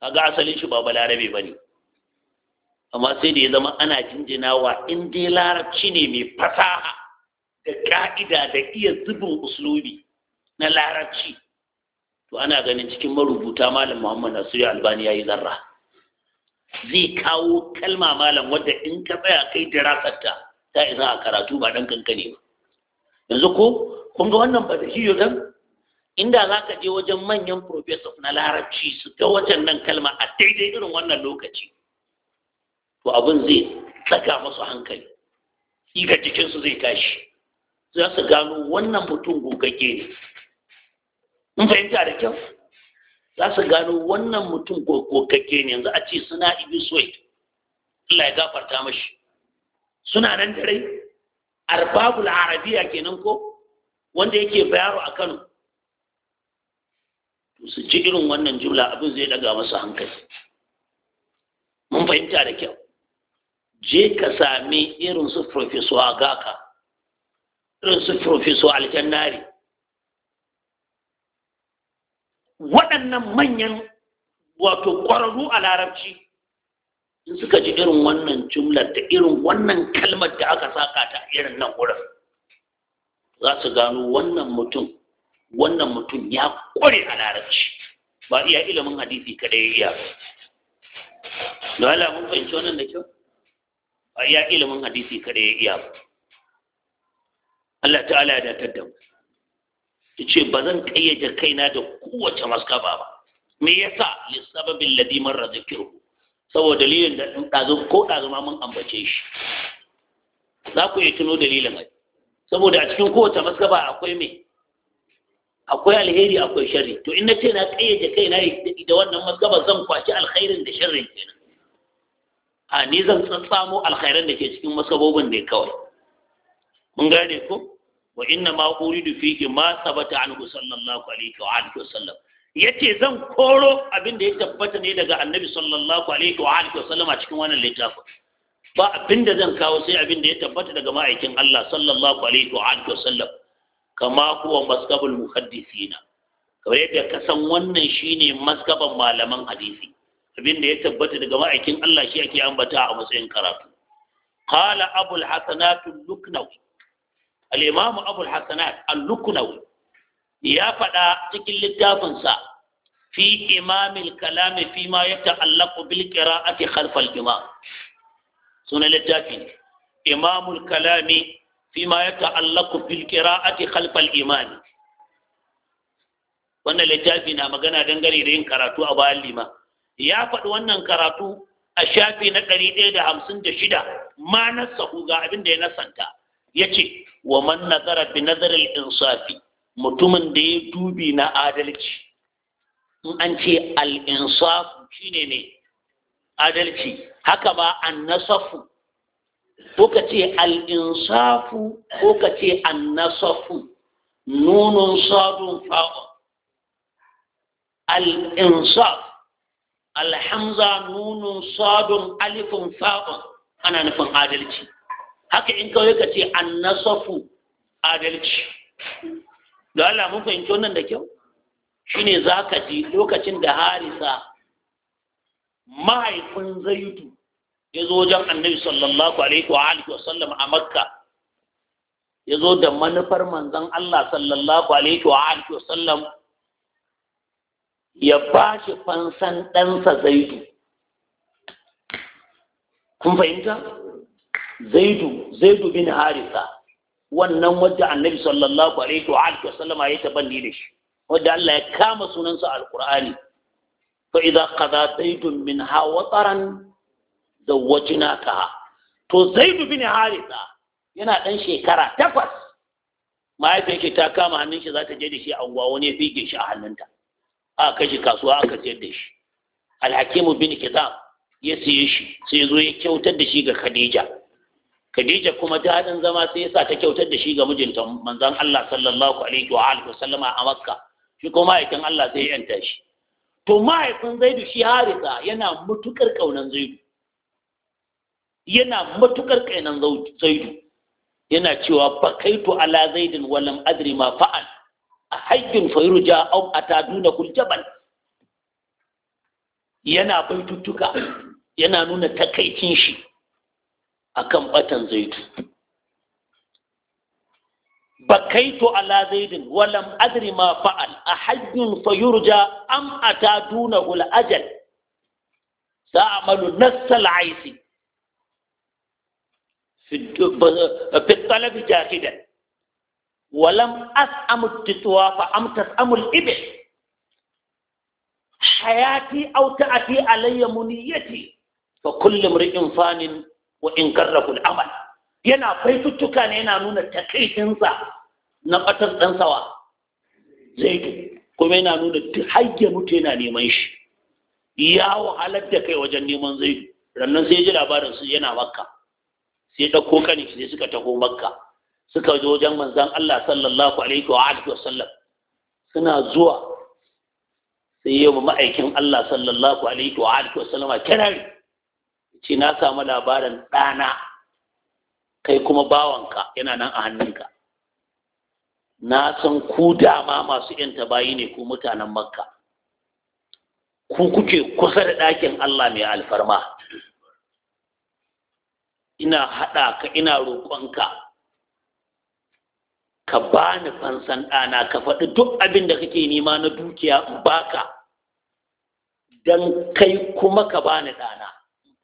kaga asalin shi ba balarabe ba ne amma sai da ya zama ana jinjina wa in dai larabci ne mai fasaha da ka'ida da iya zubin uslubi na larabci to ana ganin cikin marubuta malam muhammad nasiru albani ya yi zarra zai kawo kalma malam wadda in ka tsaya kai dirasarta ta isa a karatu ba dan kankane ba yanzu ko kun ga wannan ba da shi yau inda za ka je wajen manyan Profesa na larabci su ga wajen nan kalma a daidai irin wannan lokaci to abin zai saka masu hankali ga jikinsu zai tashi za su gano wannan mutum gogagge ne in fahimta da kyau za su gano wannan mutum gogagge ne yanzu a ce suna ibi suwait Allah ya gafarta mashi suna nan da rai arbabul arabiya kenan ko wanda yake bayaro a Kano su ji irin wannan jumla abin zai daga masu hankali mun fahimta da kyau je ka sami irin su a gaka, irin su professor aljannari waɗannan manyan wato ƙwararru a larabci in suka ji irin wannan jumlar da irin wannan kalmar da aka saka ta irin nan wurin za su gano wannan mutum wannan mutum ya kware a larabci ba iya ilimin hadisi kadai iya ba. da ala mun fahimci wannan da kyau ba iya ilimin hadisi kadai iya ba. Allah ta'ala ya datar da mu ce ba zan kayyade kaina da kowace maskaba ba me yasa lissababin ladimar razikiru saboda dalilin da ɗazu ko ɗazu ma mun ambace shi za ku iya tuno dalilin ai saboda a cikin kowace maskaba akwai me akwai alheri akwai sharri to in na ce na kayyade yi da wannan mazgaba zan kwaci alkhairin da sharrin kenan a ni zan tsatsamo alkhairan da ke cikin masabobin da kawai mun gane ko wa inna ma uridu fiki ma sabata anhu sallallahu alaihi wa alihi wasallam yace zan koro abin da ya tabbata ne daga annabi sallallahu alaihi wa alihi wasallam a cikin wannan littafin ba abin da zan kawo sai abin da ya tabbata daga ma'aikin Allah sallallahu alaihi wa alihi wasallam kama kuwa maskabul muhaddisina kamar yadda ka san wannan shine maskaban malaman hadisi abin da ya tabbata daga ma'aikin Allah shi ake ambata a matsayin karatu qala abul hasanat al-luknawi al-imam abul hasanat al-luknawi ya faɗa cikin littafin sa fi imamil kalam fi ma yata'allaqu bil qira'ati khalf al-imam sunan littafin imamul kalami فيما يتعلق بالقراءة خلف الإمام wannan littafi na magana dangane da yin karatu a bayan lima ya faɗi wannan karatu a shafi na ɗari ɗaya da hamsin da shida ma sahu ga abin da ya nasanta ya ce wa man nazara bi nazarin insafi mutumin da ya dubi na adalci in an ce al-insaf shine ne adalci haka ma an nasafu ko ka ce al'insafu ko ka ce annasafu nunun sadun fa'un al’insafu alhamza nunun sadun alifin fa'un ana nufin adalci haka in kawai ka ce annasafu adalci da Allah mun fahimci wannan da kyau shine za ka ji lokacin da harisa mahaifin zaidu ya zo wajen annabi sallallahu alaihi wa alihi wasallam a makka ya zo da manufar manzon Allah sallallahu alaihi wa alihi wasallam ya ba shi fansan ɗansa zaidu kun fahimta zaidu zaidu bin harisa wannan wadda annabi sallallahu alaihi wa alihi wasallama ya ni da shi wadda Allah ya kama sunansa alqur'ani fa idza qada zaidun min hawataran ka to Zaidu bin haritha yana ɗan shekara takwas mahaifin ta kama hannun shi za ta je da shi anguwa wani ya fige shi a hannunta a kai shi kasuwa aka je da shi alhakimu bin kizam ya siye shi sai zo ya kyautar da shi ga khadija khadija kuma ta haɗin zama sai ya sa ta kyautar da shi ga mijinta manzon Allah sallallahu alaihi wa alihi wasallama a makka shi kuma ma'aikin Allah sai ya yanta shi to mahaifin zaidu shi harisa yana mutukar kaunan zaidu yana matukar kainan zaidu yana cewa ba kai to ala zaidin walam adri ma fa'al a hajjin fayurja aw ataduna kul jabal yana baitutuka yana nuna takaicin shi akan batan zaidu Ba kai to ala zaidin walam adri ma fa'al a hayyun fayurja am ataduna kul ajal sa'amalu nassal aisi في الطلب جاهدا ولم أسأم التسوى فأم تسأم الإبل حياتي أو تأتي علي منيتي فكل امرئ فان وإن كره العمل yana faifuttuka ne yana nuna takaitinsa na ɓatar ɗan kuma yana nuna duk hayya mutu yana neman shi ya wahalar da kai wajen neman zai rannan sai ji labarin su yana makka sai ɗauko kanin shi suka taho makka suka zo wajen manzan Allah sallallahu alaihi wa alihi wasallam suna zuwa sai yau ma'aikin Allah sallallahu alaihi wa alihi wasallama kenari ce na samu labarin ɗana kai kuma bawanka yana nan a hannunka na san ku dama masu yanta bayi ne ku mutanen makka ku kuke kusa da ɗakin Allah mai alfarma ina haɗa ka ina roƙonka ka ba ni fansan ɗana ka faɗi duk abin da kake nema na dukiya in baka don kai kuma ka ba ni ɗana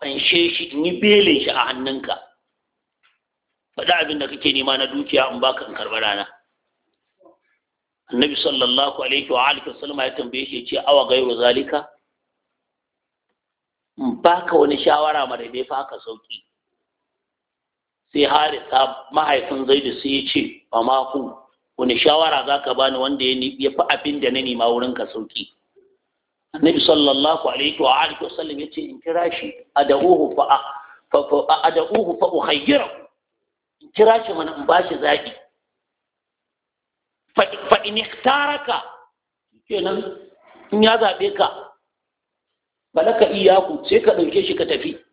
fanshe shi in yi belin shi a hannunka faɗi abin da kake nema na dukiya in baka in karɓi rana annabi sallallahu alaihi wa alihi wasallam ya tambaye shi ce awa gairu zalika in baka wani shawara mara bai fa ka sauki sai harisa mahaifin zaidu sai ya ce ba ma ku wani shawara za ka bani wanda ya fi abin da na nema wurin ka sauki annabi sallallahu alaihi wa alihi wa sallam yace in kira shi ad'uhu fa fa ad'uhu fa ukhayyira in kira shi mana in bashi zaki fa in ikhtaraka kenan in ya zabe ka balaka ku sai ka dauke shi ka tafi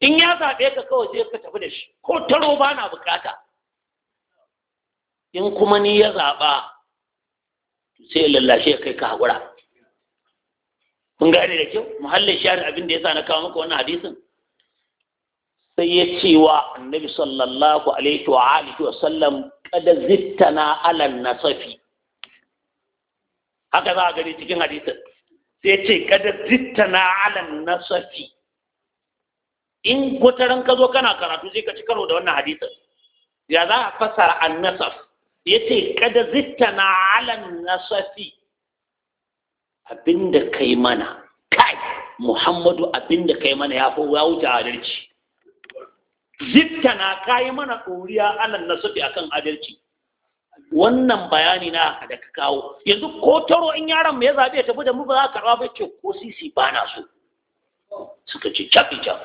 in ya zaɓe ka kawai sai ka tafi da shi ko taro ba na bukata in kuma ni ya zaɓa sai ya lallashe kai ka haƙura kun gane da kyau muhallin shahar abin da ya sa na kawo maka wannan hadisin sai ya ce wa annabi sallallahu alaihi wa alihi wa sallam kada zittana alan nasafi haka za a gani cikin hadisin sai ya ce kada zittana alan nasafi in wataran ka zo kana karatu zai ka ci karo da wannan hadisin ya za a fasara an nasaf ya ce kada zitta na alan nasafi abinda kai mana kai muhammadu abinda kai mana ya fi ya wuce adalci zitta na kayi mana ɗoriya alan nasafi akan adalci wannan bayani na da ka kawo yanzu ko taro in yaron ya zaɓe ya tafi da mu ba za ka karɓa ba ce ko sisi ba na so suka ce cafi cafi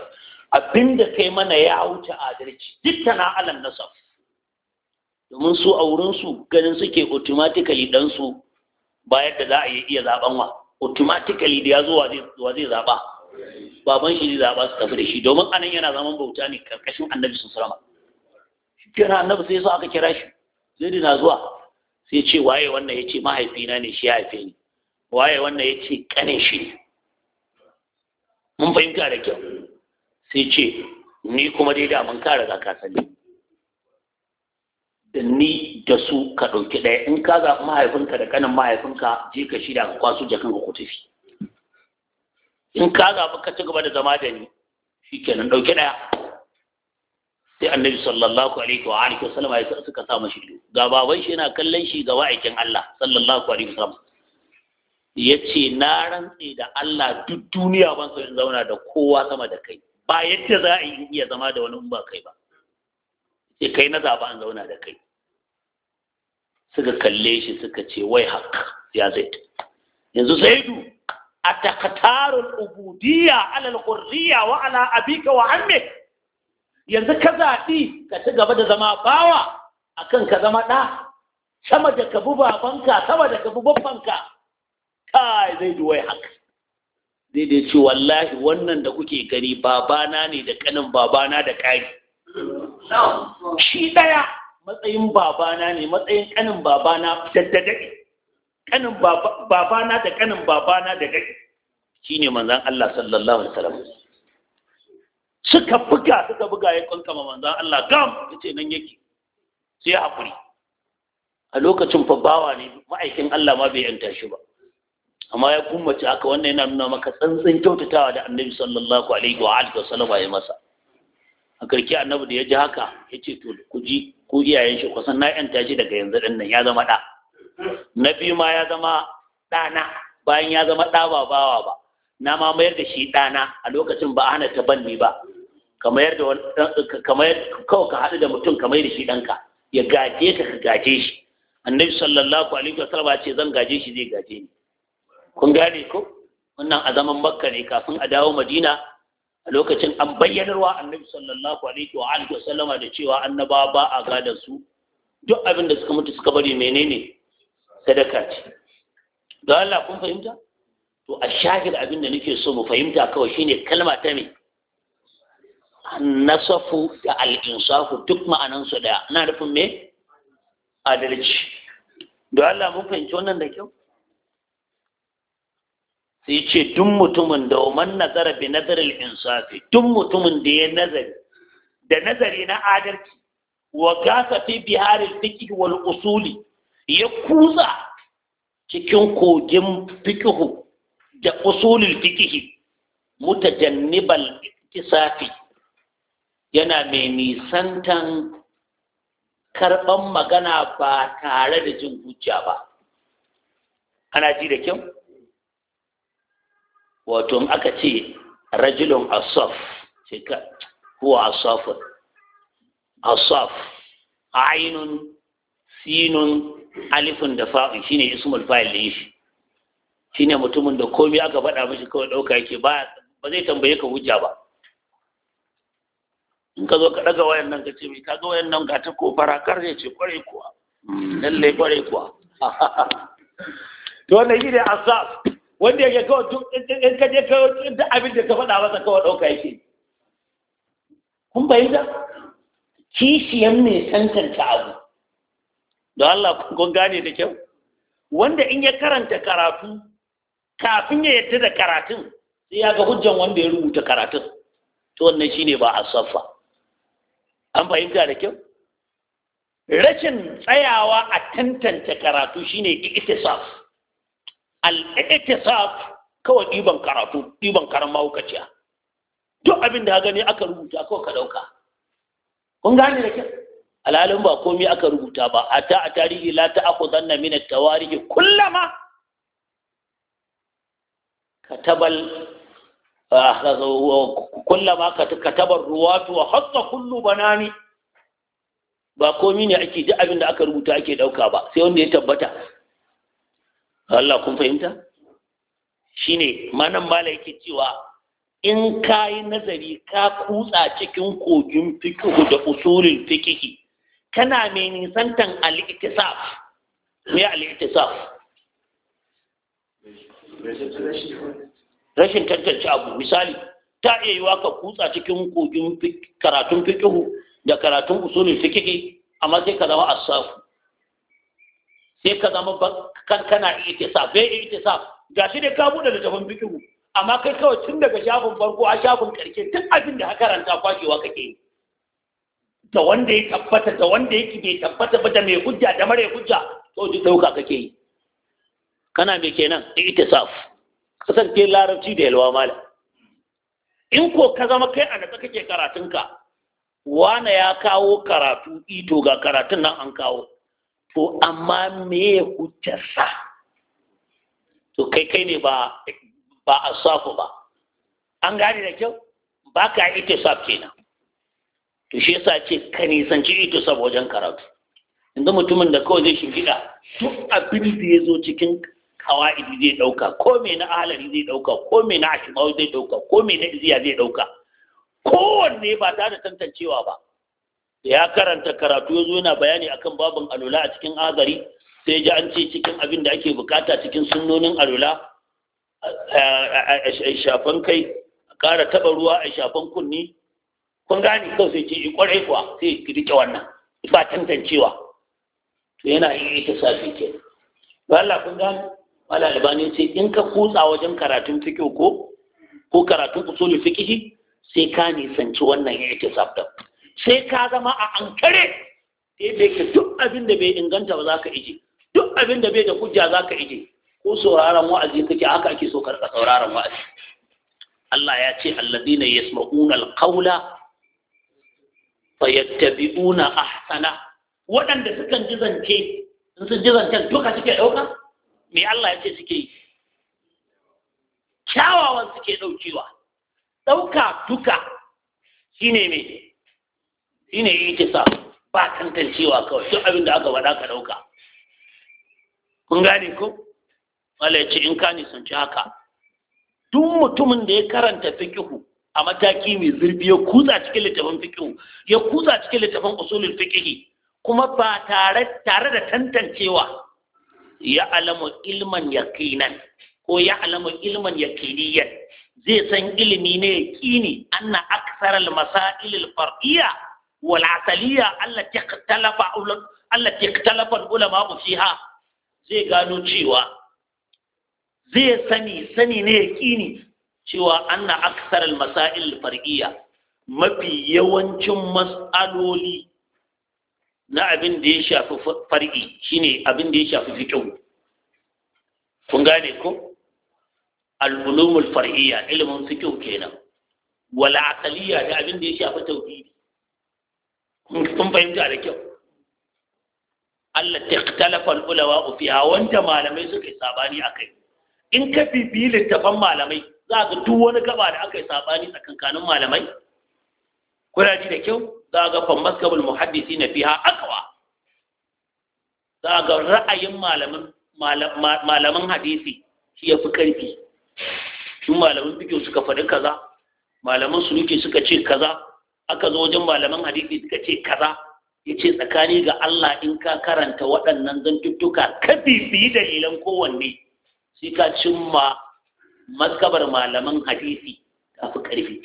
abin da kai mana ya wuce adalci dittana alan nasaf domin su a wurinsu ganin suke automatically ɗansu ba yadda za a iya zaɓen wa automatically da ya zo wa zai zaɓa baban shi zai zaɓa su tafi da shi domin anan yana zaman bauta ne karkashin annabi sun sarama kira annabi sai sa aka kira shi zai na zuwa sai ce waye wannan ya ce mahaifina ne shi ya haife ni waye wannan ya ce kanin shi ne mun fahimta da kyau sai ce ni kuma dai da mun kare ga ka sani da ni da su ka ɗauki ɗaya in ka ga mahaifinka da kanin mahaifinka je ka shida ka kwaso jakan ka tafi in ka ga ka ci gaba da zama da ni shi kenan ɗauki ɗaya sai annabi sallallahu alaihi wa alihi wasallam ya suka sa mashi ido ga baban shi yana kallon shi ga wa'ikin Allah sallallahu alaihi wasallam ya ce na rantsi da Allah duk duniya ban so in zauna da kowa sama da kai ba yadda za a iya zama da wani ba kai ba sai kai na zaba an zauna da kai suka kalle shi suka ce wai haka ya zai yanzu du. a takatarun ubudiya alal ƙurriya wa ala abika wa yanzu ka zaɓi ka ci gaba da zama bawa akan ka zama ɗa sama da ka bi babanka sama da ka bi babbanka kai zai du wai haka zai da ce wallahi wannan da kuke gani babana ne da kanin babana da ƙari shi ɗaya matsayin babana ne matsayin kanin babana da daɗi kanin babana da kanin babana da daɗi shi ne manzan Allah sallallahu alaihi wasallam suka buga suka buga ya kankama manzan Allah gam ya ce nan yake sai haƙuri a lokacin fa bawa ne ma'aikin Allah ma bai yanta shi ba amma ya kummace aka wannan yana nuna maka tsantsan kyautatawa da annabi sallallahu alaihi wa alihi sallama ya masa a karki annabi da ya ji haka ya ce to ku ji ku iyayen shi kusan na yanta shi daga yanzu din nan ya zama ɗa na biyu ma ya zama ɗana bayan ya zama ɗa ba bawa ba na ma mayar da shi ɗana a lokacin ba a hana ta banni ba kamar da kamar kawai ka haɗu da mutum kamar da shi ɗanka ya gaje ka ka gaje shi annabi sallallahu alaihi wasallam ya ce zan gaje shi zai gaje ni kun gane ko wannan a zaman makka ne kafin a dawo madina a lokacin an bayyanarwa annabi sallallahu alaihi wa alihi wasallama da cewa annaba ba a gada su duk abin da suka mutu suka bari menene sadaka ce don Allah kun fahimta to a shahid abin da nake so mu fahimta kawai shine kalma ta me nasafu da al'insafu duk ma'anansu daya ana nufin me adalci don Allah mun fahimci wannan da kyau sai ce duk mutumin da man nazara bi nazaril insafi duk mutumin da ya nazari da nazari na adalci wa gasa fi biharil fiqh wal usuli ya kuza cikin kogin fikihu da usulul fiqh mutajannibal isafi yana mai nisantan karɓan magana ba tare da jin hujja ba ana ji da kyau wato in aka ce rajulun asaf sai ka huwa asafun asaf ainun sinun alifun da fa'un shine ismul fa'il din shi shine mutumin da komai aka faɗa mishi kawai ɗauka yake ba ba zai tambaye ka hujja ba in ka zo ka ɗaga wayan nan ka ce mai zo wayan nan ga ta ko kar zai ce ƙwarai kuwa hmm. lallai ƙwarai kuwa to wannan shi ne asaf wanda yake kawai tun ka kawai duk abin da ka faɗa masa kawai ɗauka yake kun fahimta? kishiyan mai tantance abu don Allah kun gane da kyau wanda in ya karanta karatu kafin ya yadda da karatun sai ya ga hujjan wanda ya rubuta karatun to wannan shine ba a saffa an fahimta da kyau rashin tsayawa a tantance karatu shine iktisaf al sa kawai ɗiban karatu ɗiban karan mahaukaciya duk abin da gani aka rubuta kawai ka ɗauka kun gane da kyau alhalin ba komi aka rubuta ba a ta a tarihi la ta aku zanna mina tawarihi kullama katabal ah, kullama katabar ruwatu wa hatta kullu banani ba komi ne ake duk abin da aka rubuta ake ɗauka ba sai wanda ya tabbata Allah kun fahimta shine manan mala yake cewa in ka yi nazari ka kutsa cikin kogin fikihu da usulin fikihi kana mai nisantan al'itisaf mai al'itisaf rashin tantance abu misali ta iya yiwa ka kutsa cikin kogin karatun fikihu da karatun usulin fikihi amma sai ka zama asafu sai ka zama kan kana sa, bai sa. ga shi dai ka bude littafin fikihu amma kai kawai tun daga shafin farko a shafin ƙarshe tun abin da ka karanta kwashewa kake da wanda ya tabbata da wanda yake bai tabbata ba da mai hujja da mara hujja to ji dauka kake yi kana mai kenan itisaf kasance larabci da yalwa mala in ko ka zama kai a natsa kake karatunka wane ya kawo karatu ito ga karatun nan an kawo to amma me ya hujjarsa to kai kai ne ba a safu ba an gane da kyau ba ka itisab kenan to shi yasa ce ka nisanci saf wajen karatu inda mutumin da kawai zai shimfiɗa duk abin da ya zo cikin kawa'idi zai ɗauka ko me na ahalari zai ɗauka ko me na ashimawa zai ɗauka ko me na iziya zai ɗauka kowanne ba tare da tantancewa ba ya karanta karatu ya zo yana bayani akan babin alula a cikin azari sai ji an ce cikin abin da ake bukata cikin sunnonin alula a shafan kai a ƙara taɓa ruwa a shafan kunni kun gane kawai sai ce ikwarai eh, kuwa sai ki rike wannan ba tantancewa to yana yi ta safi ke ba Allah kun gane wala albani sai in ka kutsa wajen karatun fiqh ko ko karatun usulul fiqh sai ka nisanci wannan ya ita sabda sai ka zama a ankare da yadda ke duk abin da bai inganta ba za ka ije duk abin da bai da hujja za ka ije ko sauraron wa'azi kake haka ake so karɓa sauraron wa'azi Allah ya ce alladina yasma'una alqawla fayattabi'una ahsana waɗanda sukan ji zance in sun ji zancen duka suke ɗauka me Allah ya ce suke yi kyawawan suke ɗaukewa ɗauka duka shine me yi kisa ba tantancewa kawai duk abin da aka faɗa ka ɗauka kun gane ko Allah ya ce in ka ci haka duk mutumin da ya karanta fikihu a mataki mai zurfi ya kusa cikin littafin fikihu ya kusa cikin littafin usulul fikihi kuma ba tare tare da tantancewa ya alamu ilman yaqinan ko ya alamu ilman yaqiniyan zai san ilimi ne yaqini anna aksar al masail al fardiyya wal asaliya allati ikhtalafa allati ikhtalafa ulama zai gano cewa zai sani sani ne yaqini cewa ana aksar al masail far'iyya mafi yawancin mas'aloli na abin da ya shafi far'i shine abin da ya shafi fiqh kun gane ko al ulumul far'iyya ilmin fiqh kenan wal da abin da ya shafi tauhidi kun fahimta da kyau Allah Ta ikhtalafal al'ulawa fiha wanda malamai suka yi sabani kai. in ka biyu littafan malamai za ga duk wani gaba da aka yi sabani tsakankanin malamai kuna ji da kyau za ga fa maskabul muhaddisi na fiha akawa za ga ra'ayin malamin malaman hadisi shi ya fi karfi su malamin fikiyo suka faɗi kaza malaman nuke suka ce kaza aka zo wajen malaman hadisi suka ce kaza ya ce tsakani ga Allah in ka karanta waɗannan zantuttuka ka bibiyi dalilan kowanne sai ka cimma maskabar malaman hadisi ta fi ƙarfi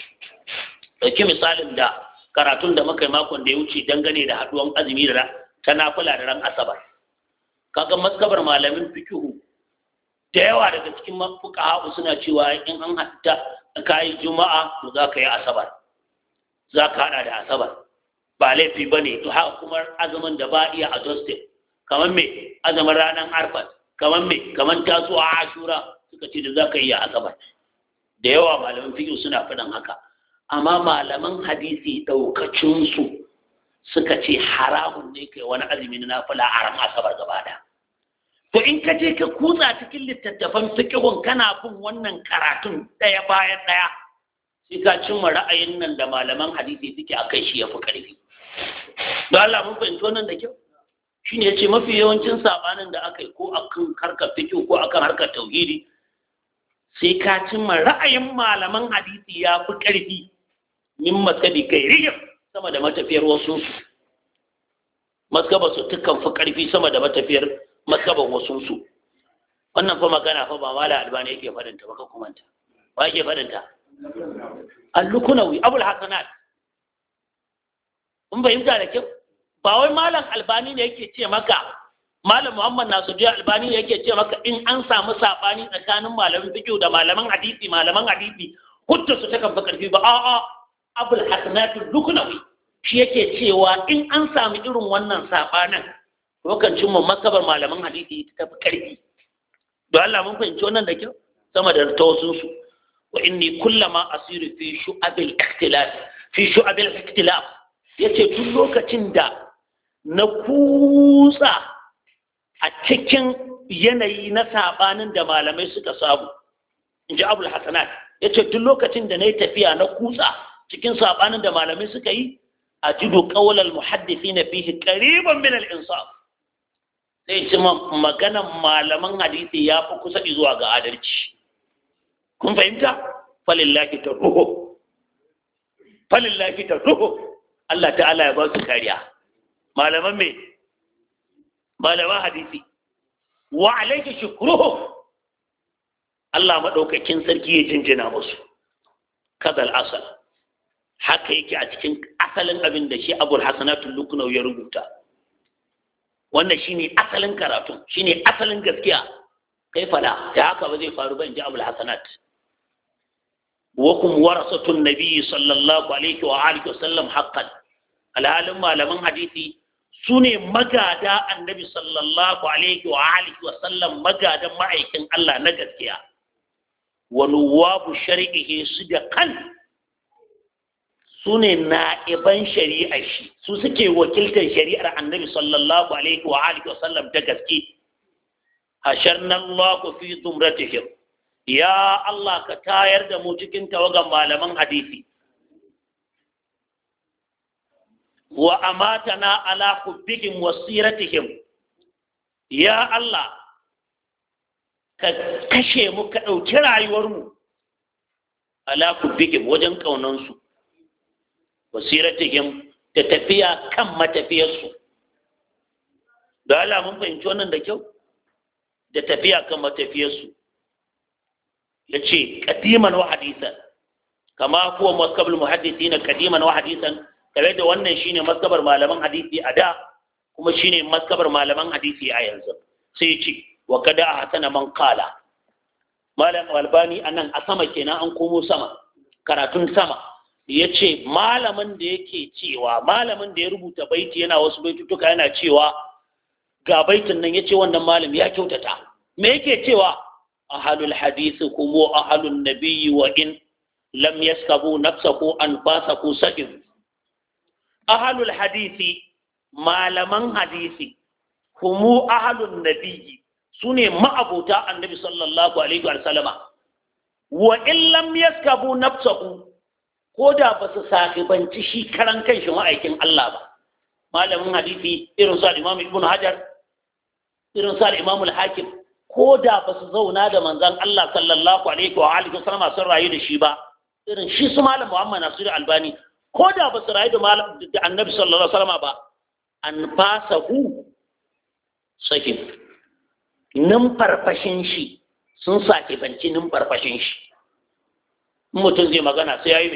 ɗauki misalin da karatun da muka yi makon da ya wuce dangane da haɗuwan azumi da ta fula da ran asabar kaga maskabar malamin fikihu da yawa daga cikin hau suna cewa in an hatta kayi juma'a to za ka yi asabar za ka haɗa da asabar ba laifi ba ne to haka kuma azumin da ba iya adjusted kamar me azumin ranar arfa kamar me kamar taso a ashura suka ce da za ka iya asabar da yawa malaman fiƙi suna faɗin haka amma malaman hadisi ɗaukacinsu suka ce haramun ne kai wani azumi na nafila a ran asabar gaba da to in ka je ka kutsa cikin littattafan fiƙihun kana bin wannan karatun ɗaya bayan ɗaya sai ka cimma ra'ayin nan da malaman hadisi suke a kai shi ya fi ƙarfi don Allah mun fahimci wannan da kyau ne ya ce mafi yawancin saɓanin da aka yi ko akan harkar fiƙi ko kan harkar tauhidi sai ka cimma ra'ayin malaman hadisi ya fi ƙarfi min masabi gairiyar sama da matafiyar wasu maskaba su tukan fi ƙarfi sama da matafiyar maskaban wasu su wannan fa magana fa ba mala albani yake faɗinta ba ka kumanta ba yake faɗinta allukunawi abul hasanat Mun fahimta da kyau ba wai malam albani ne yake ce maka malam muhammad jiya albani ne yake ce maka in an samu sabani tsakanin malamin fiqh da malaman hadisi malaman hadisi hujja su ta fi karfi ba a'a abul hasanat al-lukunawi shi yake cewa in an samu irin wannan sabanin lokacin cimma makabar malaman hadisi ta fi karfi don Allah mun fahimci wannan da kyau sama da ta su wa inni kullama asiru fi shu'abil ikhtilaf fi shu'abil ikhtilaf yace duk lokacin da na kutsa a cikin yanayi na sabanin da malamai suka sabu inji abul hasanat yace duk lokacin da nayi tafiya na kutsa cikin sabanin da malamai suka yi ajidu qawl al muhaddithina fihi qariban min al insaf sai ce maganan malaman hadisi ya fi kusa zuwa ga adalci kun fahimta falillahi tarruhu falillahi tarruhu Allah ta'ala ya ba su kariya malaman me malaman hadisi wa alayka shukruhu Allah madaukakin sarki ya jinjina musu kadal asal haka yake a cikin asalin abin da shi abul hasanatul luknau ya rubuta wannan shine asalin karatu shine asalin gaskiya kai fala da haka ba zai faru ba in ji abul hasanat wa kum warasatun nabi sallallahu alaihi wa alihi wasallam haqqan malaman hadisi sune magada annabi sallallahu alaihi wa alihi magadan ma'aikin Allah na gaskiya wa nuwabu shari'ihi su da kan su ne na'iban shari'ar shi su suke wakiltar shari'ar annabi sallallahu alaihi wa alihi wasallam da gaske fi ya Allah ka tayar da mu cikin tawagan malaman hadisi wa amatana ala hubbihim wa siratihim ya Allah ka kashe mu ka ɗauki rayuwarmu ala hubbihim wajen ƙaunansu wa siratihim da tafiya kan matafiyarsu da Allah mun fahimci wannan da kyau da tafiya kan matafiyarsu ya ce ƙadiman wa hadisan kama kuwa maskabul muhaddisi na ƙadiman wa hadisan kare da wannan shine maskabar malaman hadisi a da kuma shine maskabar malaman hadisi a yanzu sai ce wa kada a hasana man kala malam albani anan a sama kenan an komo sama karatun sama ya ce malamin da yake cewa malamin da ya rubuta baiti yana wasu baitutuka yana cewa ga baitin nan ya ce wannan malam ya kyautata me yake cewa ahalul hadisi kuma ahalul nabiyyi wa in lam yaskabu nafsahu an fasaku hadisi malaman hadisi kuma ahalul nabiyyi sune ne ma'abuta annabi sallallahu alaihi wa sallama wa in lam yaskabu ko da ba sakibanci karan kanshi ma'aikin Allah ba malamin hadisi irin sa Imam hakim ko da ba su zauna da manzan Allah sallallahu alaihi wa alihi wasallam sun rayu da shi ba irin shi su malam Muhammad Nasiru Albani ko da ba su rayu da malam da Annabi sallallahu alaihi wasallam ba an fasa hu? sakin nan farfashin shi sun sake banci nan farfashin shi mutum zai magana sai yayi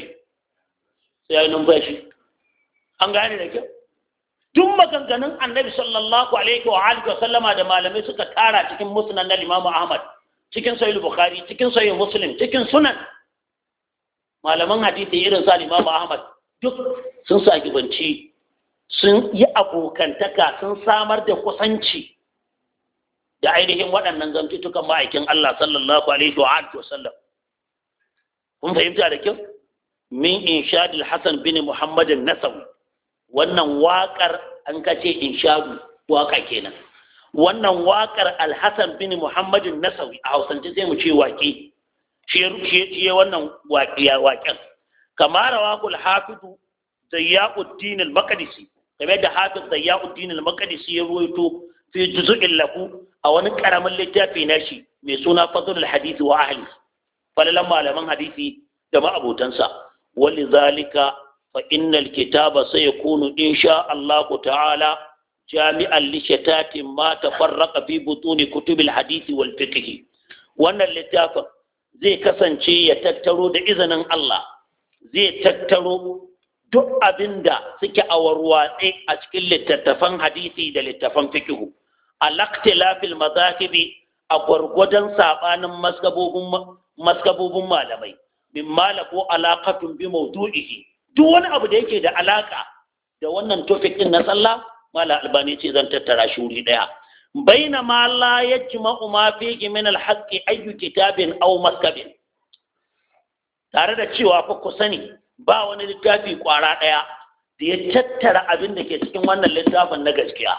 sai yayi numfashi an gane da kyau duk maganganun annabi sallallahu alaihi wa alihi wa sallama da malamai suka tara cikin musnad na Imam Ahmad cikin sahih Bukhari cikin sahih Muslim cikin sunan malaman hadisi irin sa Imam Ahmad duk sun saki banci sun yi abokantaka sun samar da kusanci da ainihin waɗannan zantutukan ma'aikin Allah sallallahu alaihi wa alihi wa sallam kun fahimta da kyau min inshadil Hassan bin Muhammadin an-Nasawi wannan waƙar an kace inshadu waƙa kenan wannan waƙar alhassan bin muhammadin nasawi a hausance sai mu ce waƙe shi ya ciye wannan waƙen kama rawakul hafidu zayya'uddin al-maqdisi kamar da hafiz zayya'uddin al-maqdisi ya ruwaito fi juzu'in lahu a wani karamin littafi na shi mai suna al hadisi wa ahli falalan malaman hadisi da abotansa wali zalika fa innal kitaba sayakunu insha Allah ta'ala jami'an li shatatin ma tafarraqa fi butuni kutubil hadith wal fiqh wannan littafin zai kasance ya tattaro da izinin Allah zai tattaro duk abinda suke awarwatse a cikin littattafan hadisi da littattafan fikihu alaktilafil mazahibi a gwargwadon saɓanin maskabobin malamai min malaku alaƙatun bi maudu'ihi duk wani abu da yake da alaka da wannan topic din na sallah mala albani ce zan tattara shi wuri daya baina ma la yajma'u ma fihi min al ayu kitabin aw maskabin tare da cewa fa ku sani ba wani littafi kwara daya da ya tattara abin da ke cikin wannan littafin na gaskiya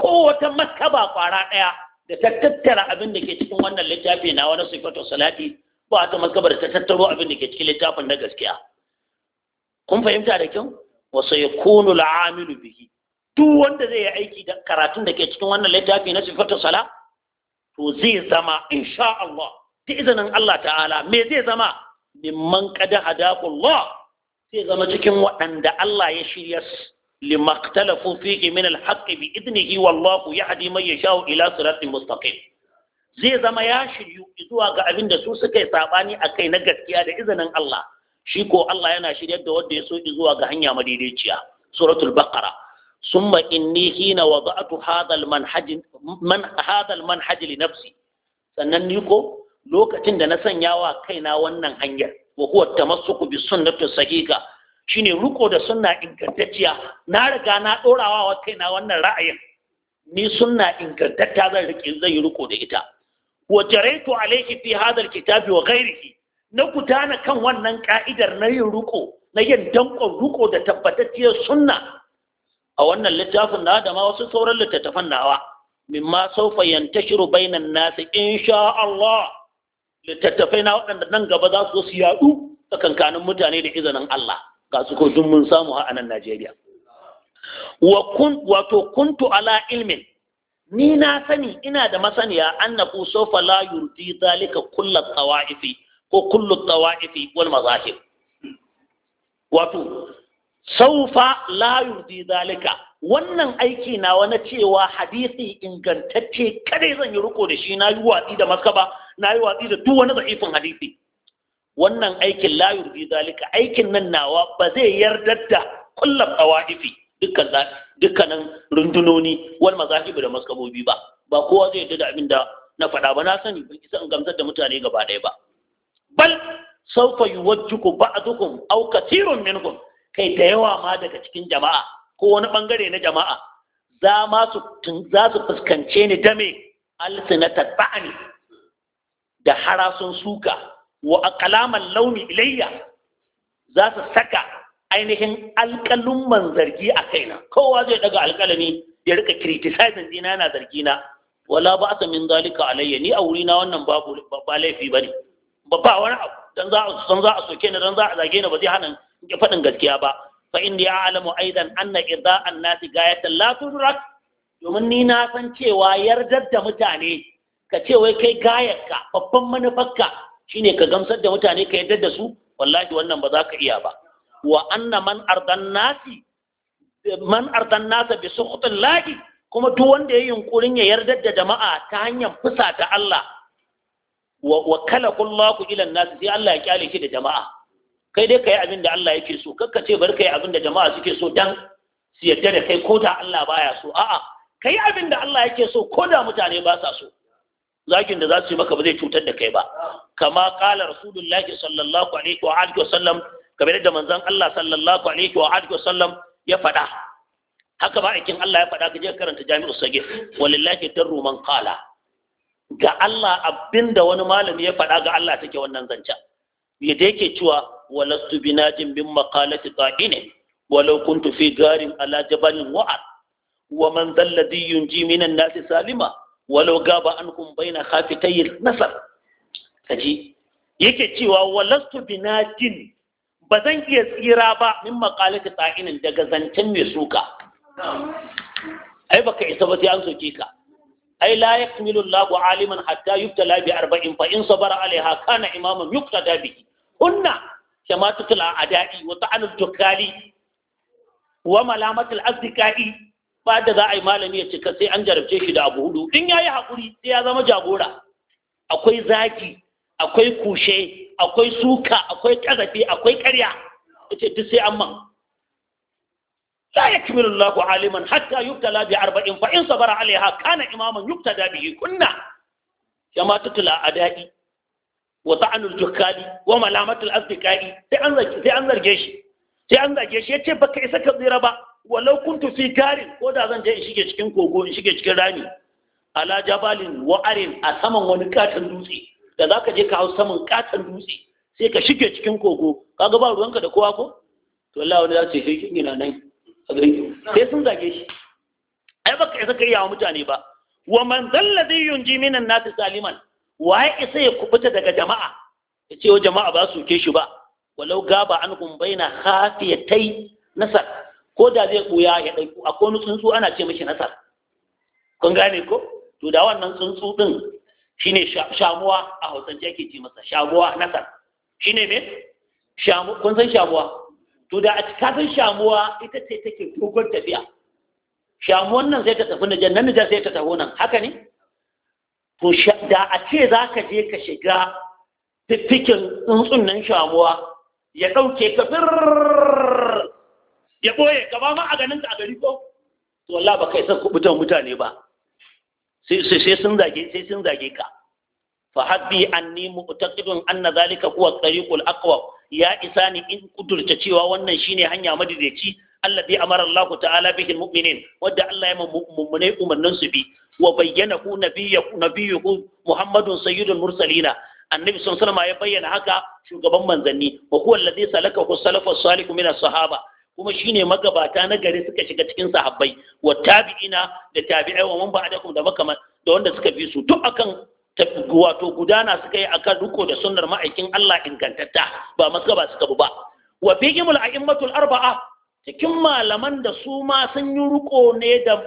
ko wata maskaba kwara daya da ta tattara abin da ke cikin wannan littafi na wani sifatu salati ba ta maskabar da ta tattaro abin da ke cikin littafin na gaskiya kun fahimta da kyau ya sayakunu al'amilu bihi duk wanda zai yi aiki da karatun da ke cikin wannan littafi na sifatu sala to zai zama insha Allah ta izinin Allah ta'ala me zai zama mimman kada hadakullah zai zama cikin waɗanda Allah ya shirya limaktalafu fihi min alhaq bi idnihi wallahu yahdi man yasha'u ila siratin mustaqim zai zama ya shiryu zuwa ga abin da su suka yi sabani akai na gaskiya da izinin Allah shi ko Allah yana shiryar da wanda ya so zuwa ga hanya madaidaiciya suratul baqara summa inni hina wada'tu hadha manhaj man manhaj li nafsi sannan ni ko lokacin da na sanya wa kaina wannan hanyar wa huwa tamassuku bi sunnati sahiha shine ruko da sunna ingantacciya na riga na dorawa wa kaina wannan ra'ayin ni sunna ingantatta zan rike yi ruko da ita wa jaraitu alayhi fi hadha kitabi wa ghairihi na gudana kan wannan ka'idar na yin ruko na yin dankon ruko da tabbatacciyar sunna a wannan littafin na da ma wasu sauran littattafan nawa mimma saufa yantashiru bainan nasi insha Allah littattafai na waɗanda nan gaba za su su yaɗu tsakankanin mutane da izinin Allah ga su ko dun mun samu a nan Najeriya wato kuntu ala ilmin ni na sani ina da masaniya annabu sofa la yurdi zalika kullu tawaifi ko kullu tawa'ifi wal mazahib wato saufa la yurdi zalika wannan aiki na wani cewa hadisi ingantacce kadai zan yi riko da shi na yi watsi da maskaba na yi watsi da duk wani za'ifin hadisi wannan aikin la yurdi zalika aikin nan nawa ba zai yarda da kullum tawaifi dukkan dukkanin rundunoni wal mazahib da maskabobi ba ba kowa zai yarda da abin da na faɗa ba na sani ba isa in gamsar da mutane gaba ɗaya ba bal sawfa yuwajjuku ba'dukum aw kathirun minkum kai da yawa ma daga cikin jama'a ko wani bangare na jama'a za ma su fuskance ni dame alsinata ta'ani da harasun suka wa aqlaman launi ilayya za su saka ainihin man zargi a kaina kowa zai daga alkalami ya rika criticizing dina yana zargina wala ba min zalika alayya ni a wurina wannan babu ba laifi bane babba wani abu dan za a san za a soke ni dan za a zage ni ba zai hana ki faɗin gaskiya ba fa ya a'lamu aidan anna irda'an nasi gayatan la tudrak domin ni na san cewa yardar da mutane ka ce wai kai gayarka babban manufarka shine ka gamsar da mutane ka yardar da su wallahi wannan ba za ka iya ba wa anna man ardan nasi man ardan nasa bi sukhtin kuma duk wanda ya yunkurin ya yardar da jama'a ta hanyar fusata Allah wa khalaqallahu ila an-nas sai Allah ya kyale shi da jama'a kai dai kai abin da Allah yake so kakka ce bar kai abin da jama'a suke so dan su yadda da kai ko da Allah baya so a'a kai abin da Allah yake so ko da mutane ba sa so zakin da za su yi maka ba zai cutar da kai ba kama qala rasulullahi sallallahu alaihi wa alihi wa sallam kamar da manzon Allah sallallahu alaihi wa alihi wa sallam ya faɗa haka ba aikin Allah ya faɗa ka je karanta jami'us sagir walillahi darru man qala ga Allah abinda wani malami ya faɗa ga Allah take wannan zancen yadda yake cewa walastu binajin bin maqalati qa'ine walau kuntu fi garin ala jabalin wa'ad wa man zalladhi yunji minan nas salima walau gaba ankum baina khafitayil nasar kaji yake cewa walastu binajin ba zan iya tsira ba min maqalati qa'inin daga zancen mai suka ai baka isa ba sai an soke ka ai la yakmilu Allahu aliman hatta yubtala bi arba'in fa in sabara alaiha kana imaman yuqtada bihi hunna shamatatul a'da'i wa ta'anul tukali wa malamatul asdiqai ba da za a yi malami ya cika sai an jarabce shi da abu hudu in yayi hakuri sai ya zama jagora akwai zaki akwai kushe akwai suka akwai kazafi akwai karya ita duk sai an man لا يكمل الله عالما حتى يبتلى بأربع فإن صبر عليها كان إماما يبتدى به كنا كما تتلى أدائي وطعن الجكال وملامة الأصدقاء sai an zarge shi sai an zarge shi yace baka isa ka tsira ba walau kuntu fi garin ko da zan je in shige cikin kogo in shige cikin rami ala jabalin wa arin a saman wani katon dutse da zaka je ka hau saman katon dutse sai ka shige cikin kogo ga ba ruwanka da kowa ko to Allah wani za ce sai kin gina sai sun zage shi ai baka isa kai yawa mutane ba wa man zalladhi yunji minan nas saliman waye isa ya kubuta daga jama'a ya ce wa jama'a ba su ke shi ba walau gaba an ta khafiyatai nasar ko da zai buya ya dauko akwai wani tsuntsu ana ce mishi nasar kun gane ko to da wannan tsuntsu din shine shamuwa a hausance ake ce masa shamuwa nasar shine me shamu kun san shamuwa to da a cikin shamuwa ita ce take dogon tafiya shamuwan nan sai ta tafi jan nan da sai ta taho nan haka ne to da a ce za ka je ka shiga fiffikin tsuntsun nan shamuwa ya ɗauke ka ya ɓoye ka ba ma a ganin a gari ko to wallah ba kai son kubutan mutane ba sai sai sun zage ka fa haddi anni mu'taqidun anna zalika huwa at-tariqul aqwa ya isani in kudurta cewa wannan shine hanya madaidaici alladhi amara Allah ta'ala bihi mu'minin wanda Allah ya mummune umarnin su bi wa bayyana ku nabiyyu nabiyyu Muhammadun sayyidul mursalina annabi sallallahu alaihi ya bayyana haka shugaban manzanni wa huwa alladhi ku salafus salihu min sahaba kuma shine magabata na gari suka shiga cikin sahabbai wa tabi'ina da tabi'ai wa man da wanda suka bi su duk akan wato gudana suka yi akan riko da sunnar ma'aikin Allah ingantatta ba mazgaba suka bu ba wa bihimul a'immatul arba'a cikin malaman da su ma sun yi riko ne da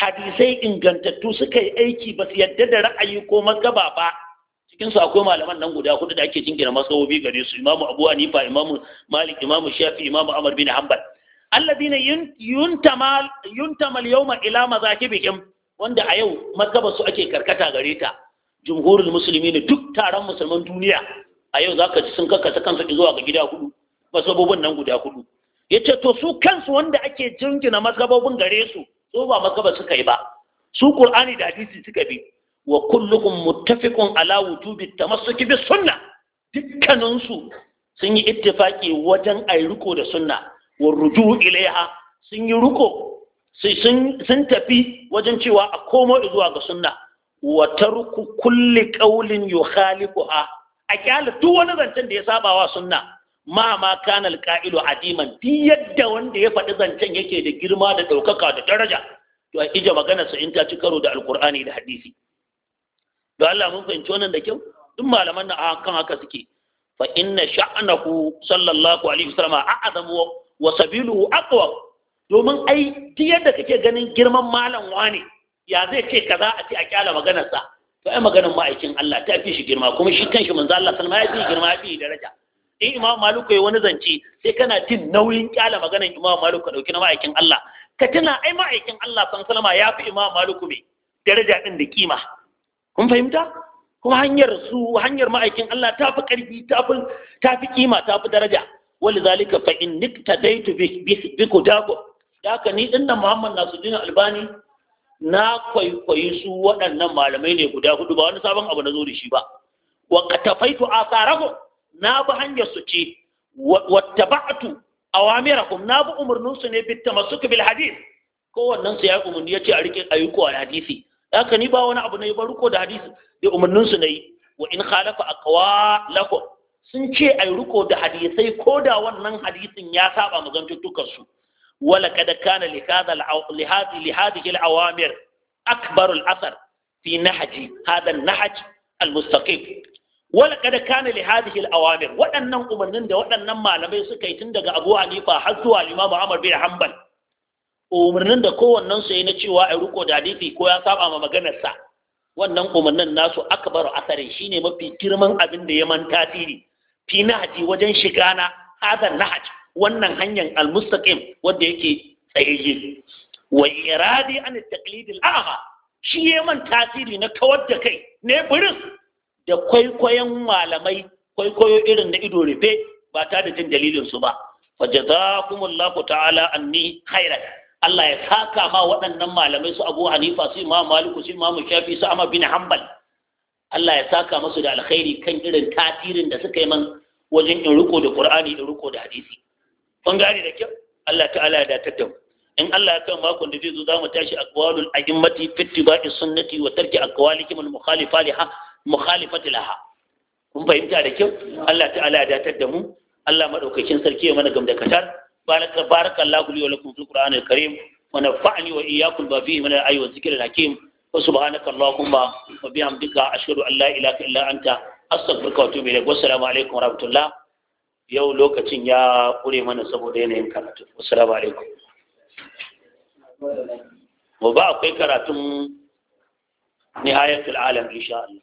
hadisai ingantattu suka yi aiki ba su yadda da ra'ayi ko mazgaba ba cikin su akwai malaman nan guda hudu da ake jingina masawobi gare su imamu abu hanifa imamu malik imamu shafi imamu amr bin hanbal alladina yuntamal yuntamal yawma ila mazakibihim wanda a yau mazgaba su ake karkata gare ta Jumhurin musulmi ne duk taron musulman duniya a yau zaka ci sun kakkasa kansu zuwa ga gida hudu masabobin nan guda hudu yace to su kansu wanda ake jingina masabobin gare su su ba masaba suka yi ba su qur'ani da hadisi suka bi wa kullukum muttafiqun alawu wujubi tamassuki bis sunna dukkanin su sun yi ittifaki wajen ayi riko da sunna wa ruju ilaiha sun yi riko sun tafi wajen cewa a komo zuwa ga sunna wa tarku kulli qawlin yukhaliquha a kyala duk wani zancen da ya saba wa sunna ma ma kana alqa'ilu adiman yadda wanda ya faɗi zancen yake da girma da ɗaukaka da daraja to a ije magana sa in ta ci karo da alqur'ani da hadisi to Allah mun fahimci wannan da kyau duk malaman nan a kan haka suke fa inna sha'nahu sallallahu alaihi wasallam a'zamu wa sabiluhu aqwa domin ai duk yadda kake ganin girman malam wane ya zai ce kaza a ce a kyala maganarsa to ai maganar ma'aikin Allah ta fi shi girma kuma shi kanshi manzo Allah san ya fi girma ya fi daraja in imam maluku ya wani zance sai kana jin nauyin kyala maganar imam maluku ka dauki na ma'aikin Allah ka tuna ai ma'aikin Allah san salama ya fi imam maluku mai daraja din da kima kun fahimta kuma hanyar su hanyar ma'aikin Allah ta fi karfi ta fi ta fi kima ta fi daraja walidhalika fa in niktadaitu bi bi kudaku haka ni dinnan Muhammad Nasuddin Albani na kwaikwayi su waɗannan malamai ne guda hudu ba wani sabon abu na zo da shi ba wa katafaitu asarahu na bi hanyar su ce wa taba'tu awamirakum na bi umarnin su ne bit tamassuk bil hadith wannan su ya umarni ya ce a rike ayyuko a hadisi haka ni ba wani abu ne ba riko da hadisi da umarnin su ne wa in khalafa aqwa lakum sun ce ayi riko da hadisai ko da wannan hadisin ya saba magantutukan su wala kada kana li hadha akbar al-athar fi nahji hadha an-nahj al-mustaqim wala kada kana li waɗannan umarnin da waɗannan malamai suka yi tun daga Abu Hanifa har zuwa Imam Ahmad bin Hanbal umarnin da kowannen su yi na cewa a riko da hadisi ko ya saba ma maganar sa wannan umarnin nasu akbaru asari shine mafi girman abin da ya man tasiri fi nahji wajen shiga na hadan nahji wannan hanyar almustaqim wanda yake tsayayye wa iradi an taqlid al'ama shi ya man tasiri na kawar da kai ne burin da kwaikwayon malamai kwaikwayo irin na ido rufe ba ta da jin dalilin su ba fa jazakumullahu ta'ala anni khairan Allah ya saka ma waɗannan malamai su Abu Hanifa su Imam Malik su Imam Shafi su Ahmad bin Hanbal Allah ya saka masu da alkhairi kan irin tasirin da suka yi man wajen in riko da Qur'ani in riko da hadisi kun gane da kyau Allah ta'ala ya datar da mu in Allah ya kan makon da zai zo zamu tashi aqwalul a'immati fi ittiba'i sunnati wa tarki aqwalihim al mukhalifa liha mukhalifati laha kun fahimta da kyau Allah ta'ala ya datar da mu Allah madaukakin sarki ya mana gamdakatar baraka barakallahu li wa lakum fil qur'anil karim wa nafa'ani wa iyyakum bi fihi min al ayati wa dhikril hakim wa subhanaka allahumma wa bihamdika ashhadu an la ilaha illa anta astaghfiruka wa atubu ilayk wa assalamu alaykum wa rahmatullah yau lokacin ya ƙure mana saboda yanayin karatu wasu alaikum gobe akwai karatun ni nihayatul alam insha Allah